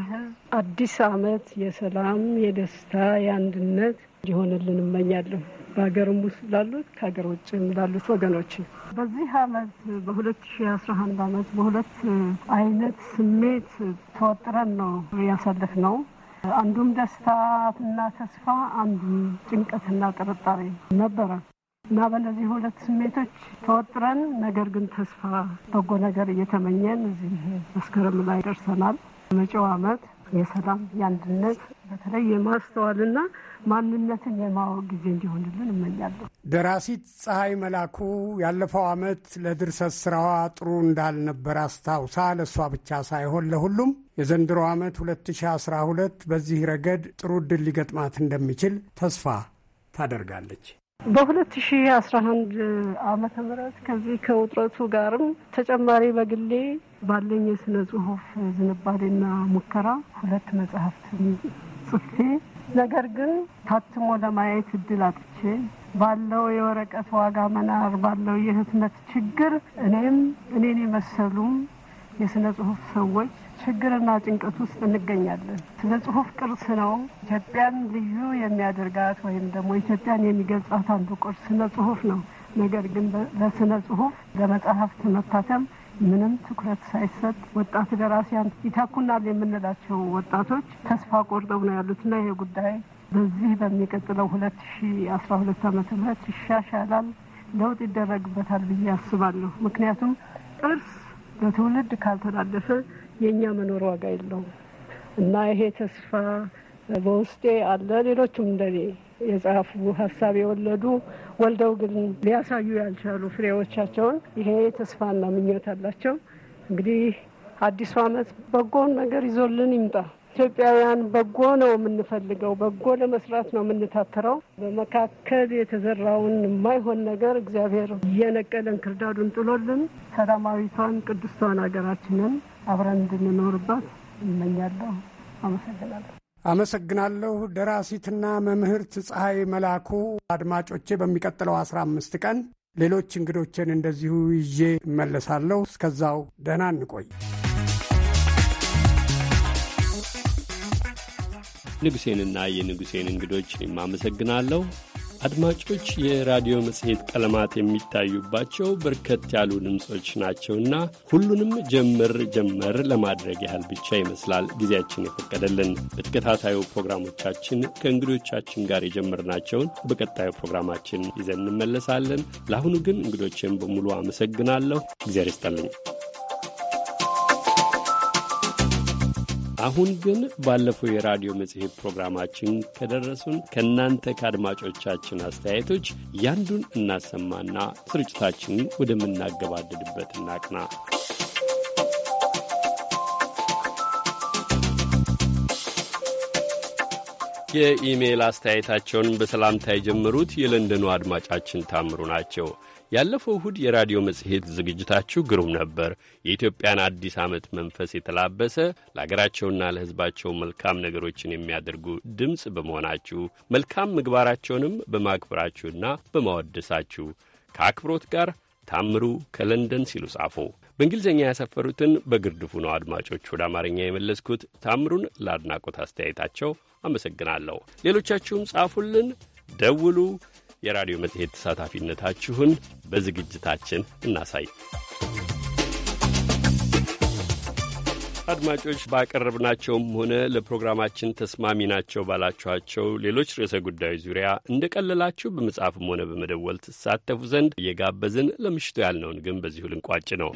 አዲስ ዓመት የሰላም የደስታ፣ የአንድነት እንዲሆንልን እመኛለሁ። በሀገርም ውስጥ ላሉት ከሀገር ውጭም ላሉት ወገኖች በዚህ አመት በ2011 አመት በሁለት አይነት ስሜት ተወጥረን ነው ያሳለፍ ነው። አንዱም ደስታና ተስፋ፣ አንዱ ጭንቀትና ጥርጣሬ ነበረ። እና በነዚህ ሁለት ስሜቶች ተወጥረን ነገር ግን ተስፋ በጎ ነገር እየተመኘን እዚህ መስከረም ላይ ደርሰናል። መጪው ዓመት የሰላም የአንድነት፣ በተለይ የማስተዋልና ማንነትን የማወቅ ጊዜ እንዲሆንልን እመኛለሁ። ደራሲት ፀሐይ መላኩ ያለፈው ዓመት ለድርሰት ስራዋ ጥሩ እንዳልነበር አስታውሳ ለእሷ ብቻ ሳይሆን ለሁሉም የዘንድሮ ዓመት 2012 በዚህ ረገድ ጥሩ ድል ሊገጥማት እንደሚችል ተስፋ ታደርጋለች። በ2011 አስራ አመተ ምህረት ከዚህ ከውጥረቱ ጋርም ተጨማሪ በግሌ ባለኝ የስነ ጽሁፍ ዝንባሌና ሙከራ ሁለት መጽሐፍትን ጽፌ ነገር ግን ታትሞ ለማየት እድል አጥቼ ባለው የወረቀት ዋጋ መናር ባለው የህትመት ችግር እኔም እኔን የመሰሉም የስነ ጽሁፍ ሰዎች ችግርና ጭንቀት ውስጥ እንገኛለን። ስነ ጽሁፍ ቅርስ ነው። ኢትዮጵያን ልዩ የሚያደርጋት ወይም ደግሞ ኢትዮጵያን የሚገልጻት አንዱ ቅርስ ስነ ጽሁፍ ነው። ነገር ግን ለስነ ጽሁፍ ለመጽሐፍት መታተም ምንም ትኩረት ሳይሰጥ ወጣት ደራሲያን ይተኩናል የምንላቸው ወጣቶች ተስፋ ቆርጠው ነው ያሉትና ይሄ ጉዳይ በዚህ በሚቀጥለው ሁለት ሺ አስራ ሁለት ዓመተ ምህረት ይሻሻላል፣ ለውጥ ይደረግበታል ብዬ አስባለሁ። ምክንያቱም ቅርስ ለትውልድ ካልተላለፈ የእኛ መኖር ዋጋ የለውም እና ይሄ ተስፋ በውስጤ አለ። ሌሎቹም እንደኔ የጻፉ ሀሳብ የወለዱ ወልደው ግን ሊያሳዩ ያልቻሉ ፍሬዎቻቸውን ይሄ ተስፋና ምኞት አላቸው። እንግዲህ አዲሱ ዓመት በጎን ነገር ይዞልን ይምጣ። ኢትዮጵያውያን በጎ ነው የምንፈልገው፣ በጎ ለመስራት ነው የምንታተረው። በመካከል የተዘራውን የማይሆን ነገር እግዚአብሔር እየነቀለን ክርዳዱን ጥሎልን ሰላማዊቷን ቅድስቷን ሀገራችንን አብረን እንድንኖርባት እመኛለሁ። አመሰግናለሁ። አመሰግናለሁ ደራሲትና መምህርት ፀሐይ መላኩ። አድማጮቼ በሚቀጥለው አስራ አምስት ቀን ሌሎች እንግዶችን እንደዚሁ ይዤ እመለሳለሁ። እስከዛው ደህና እንቆይ። ንጉሴንና የንጉሴን እንግዶች አመሰግናለሁ። አድማጮች የራዲዮ መጽሔት ቀለማት የሚታዩባቸው በርከት ያሉ ድምፆች ናቸውና ሁሉንም ጀምር ጀመር ለማድረግ ያህል ብቻ ይመስላል ጊዜያችን የፈቀደልን። በተከታታዩ ፕሮግራሞቻችን ከእንግዶቻችን ጋር የጀመርናቸውን በቀጣዩ ፕሮግራማችን ይዘን እንመለሳለን። ለአሁኑ ግን እንግዶችን በሙሉ አመሰግናለሁ። እግዚአብሔር ይስጠልኝ። አሁን ግን ባለፈው የራዲዮ መጽሔት ፕሮግራማችን ከደረሱን ከእናንተ ከአድማጮቻችን አስተያየቶች ያንዱን እናሰማና ስርጭታችንን ወደምናገባድድበት እናቅና። የኢሜይል አስተያየታቸውን በሰላምታ የጀመሩት የለንደኑ አድማጫችን ታምሩ ናቸው። ያለፈው እሁድ የራዲዮ መጽሔት ዝግጅታችሁ ግሩም ነበር። የኢትዮጵያን አዲስ ዓመት መንፈስ የተላበሰ ለአገራቸውና ለሕዝባቸው መልካም ነገሮችን የሚያደርጉ ድምፅ በመሆናችሁ መልካም ምግባራቸውንም በማክበራችሁና በማወደሳችሁ ከአክብሮት ጋር ታምሩ ከለንደን ሲሉ ጻፉ። በእንግሊዝኛ ያሰፈሩትን በግርድፉ ነው አድማጮች ወደ አማርኛ የመለስኩት። ታምሩን ለአድናቆት አስተያየታቸው አመሰግናለሁ። ሌሎቻችሁም ጻፉልን፣ ደውሉ የራዲዮ መጽሔት ተሳታፊነታችሁን በዝግጅታችን እናሳይ። አድማጮች ባቀረብናቸውም ሆነ ለፕሮግራማችን ተስማሚ ናቸው ባላችኋቸው ሌሎች ርዕሰ ጉዳዮች ዙሪያ እንደ ቀለላችሁ በመጻፍም ሆነ በመደወል ትሳተፉ ዘንድ እየጋበዝን ለምሽቱ ያልነውን ግን በዚሁ ልንቋጭ ነው።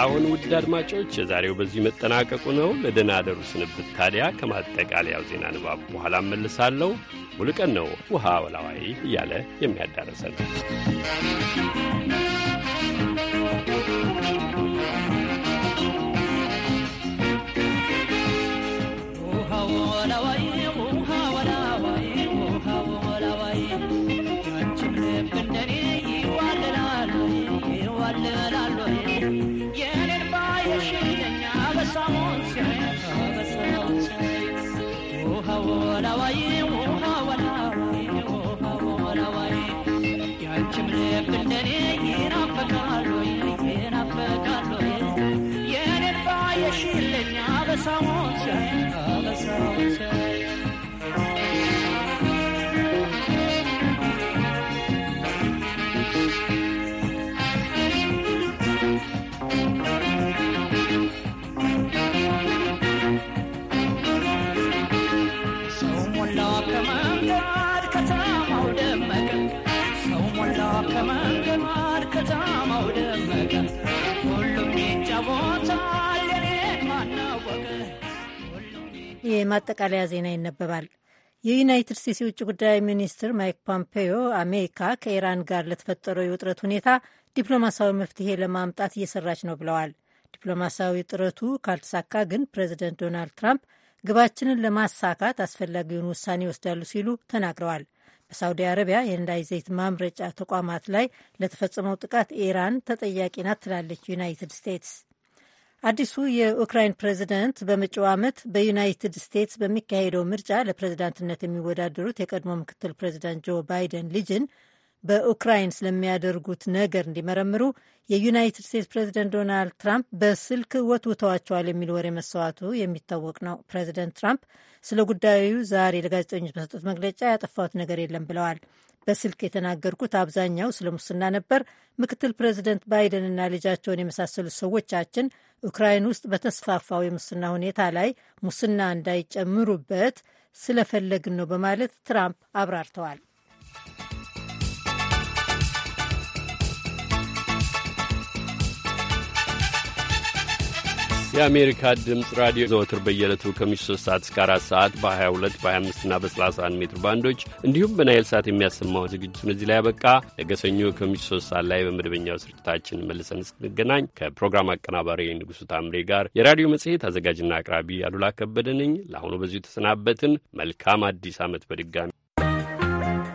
አሁን ውድ አድማጮች የዛሬው በዚህ መጠናቀቁ ነው። ለደናደሩ ስንብት ታዲያ ከማጠቃለያው ዜና ንባብ በኋላ መልሳለሁ። ሙሉቀን ነው ውሃ ወላዋይ እያለ የሚያዳረሰ ነው። ውሃ ወላዋይ የማጠቃለያ ዜና ይነበባል። የዩናይትድ ስቴትስ የውጭ ጉዳይ ሚኒስትር ማይክ ፖምፔዮ አሜሪካ ከኢራን ጋር ለተፈጠረው የውጥረት ሁኔታ ዲፕሎማሲያዊ መፍትሄ ለማምጣት እየሰራች ነው ብለዋል። ዲፕሎማሲያዊ ጥረቱ ካልተሳካ ግን ፕሬዚደንት ዶናልድ ትራምፕ ግባችንን ለማሳካት አስፈላጊውን ውሳኔ ይወስዳሉ ሲሉ ተናግረዋል። በሳውዲ አረቢያ የነዳጅ ዘይት ማምረጫ ተቋማት ላይ ለተፈጸመው ጥቃት ኢራን ተጠያቂ ናት ትላለች ዩናይትድ ስቴትስ። አዲሱ የኡክራይን ፕሬዚደንት በመጪው ዓመት በዩናይትድ ስቴትስ በሚካሄደው ምርጫ ለፕሬዚዳንትነት የሚወዳደሩት የቀድሞ ምክትል ፕሬዚዳንት ጆ ባይደን ልጅን በኡክራይን ስለሚያደርጉት ነገር እንዲመረምሩ የዩናይትድ ስቴትስ ፕሬዚደንት ዶናልድ ትራምፕ በስልክ ወትውተዋቸዋል የሚል ወሬ መሰዋቱ የሚታወቅ ነው። ፕሬዚደንት ትራምፕ ስለ ጉዳዩ ዛሬ ለጋዜጠኞች በሰጡት መግለጫ ያጠፋሁት ነገር የለም ብለዋል። በስልክ የተናገርኩት አብዛኛው ስለ ሙስና ነበር። ምክትል ፕሬዚደንት ባይደንና ልጃቸውን የመሳሰሉት ሰዎቻችን ኡክራይን ውስጥ በተስፋፋው የሙስና ሁኔታ ላይ ሙስና እንዳይጨምሩበት ስለፈለግን ነው በማለት ትራምፕ አብራርተዋል። የአሜሪካ ድምፅ ራዲዮ ዘወትር በየዕለቱ ከምሽቱ 3 ሰዓት እስከ 4 ሰዓት በ22 25 እና በ31 ሜትር ባንዶች እንዲሁም በናይል ሰዓት የሚያሰማው ዝግጅቱን እዚህ ላይ ያበቃ። ነገ ሰኞ ከምሽቱ 3 ሰዓት ላይ በመደበኛው ስርጭታችን መልሰን እስክንገናኝ ከፕሮግራም አቀናባሪ ንጉሱ ታምሬ ጋር የራዲዮ መጽሔት አዘጋጅና አቅራቢ አሉላ ከበደ ነኝ። ለአሁኑ በዚሁ ተሰናበትን። መልካም አዲስ ዓመት በድጋሚ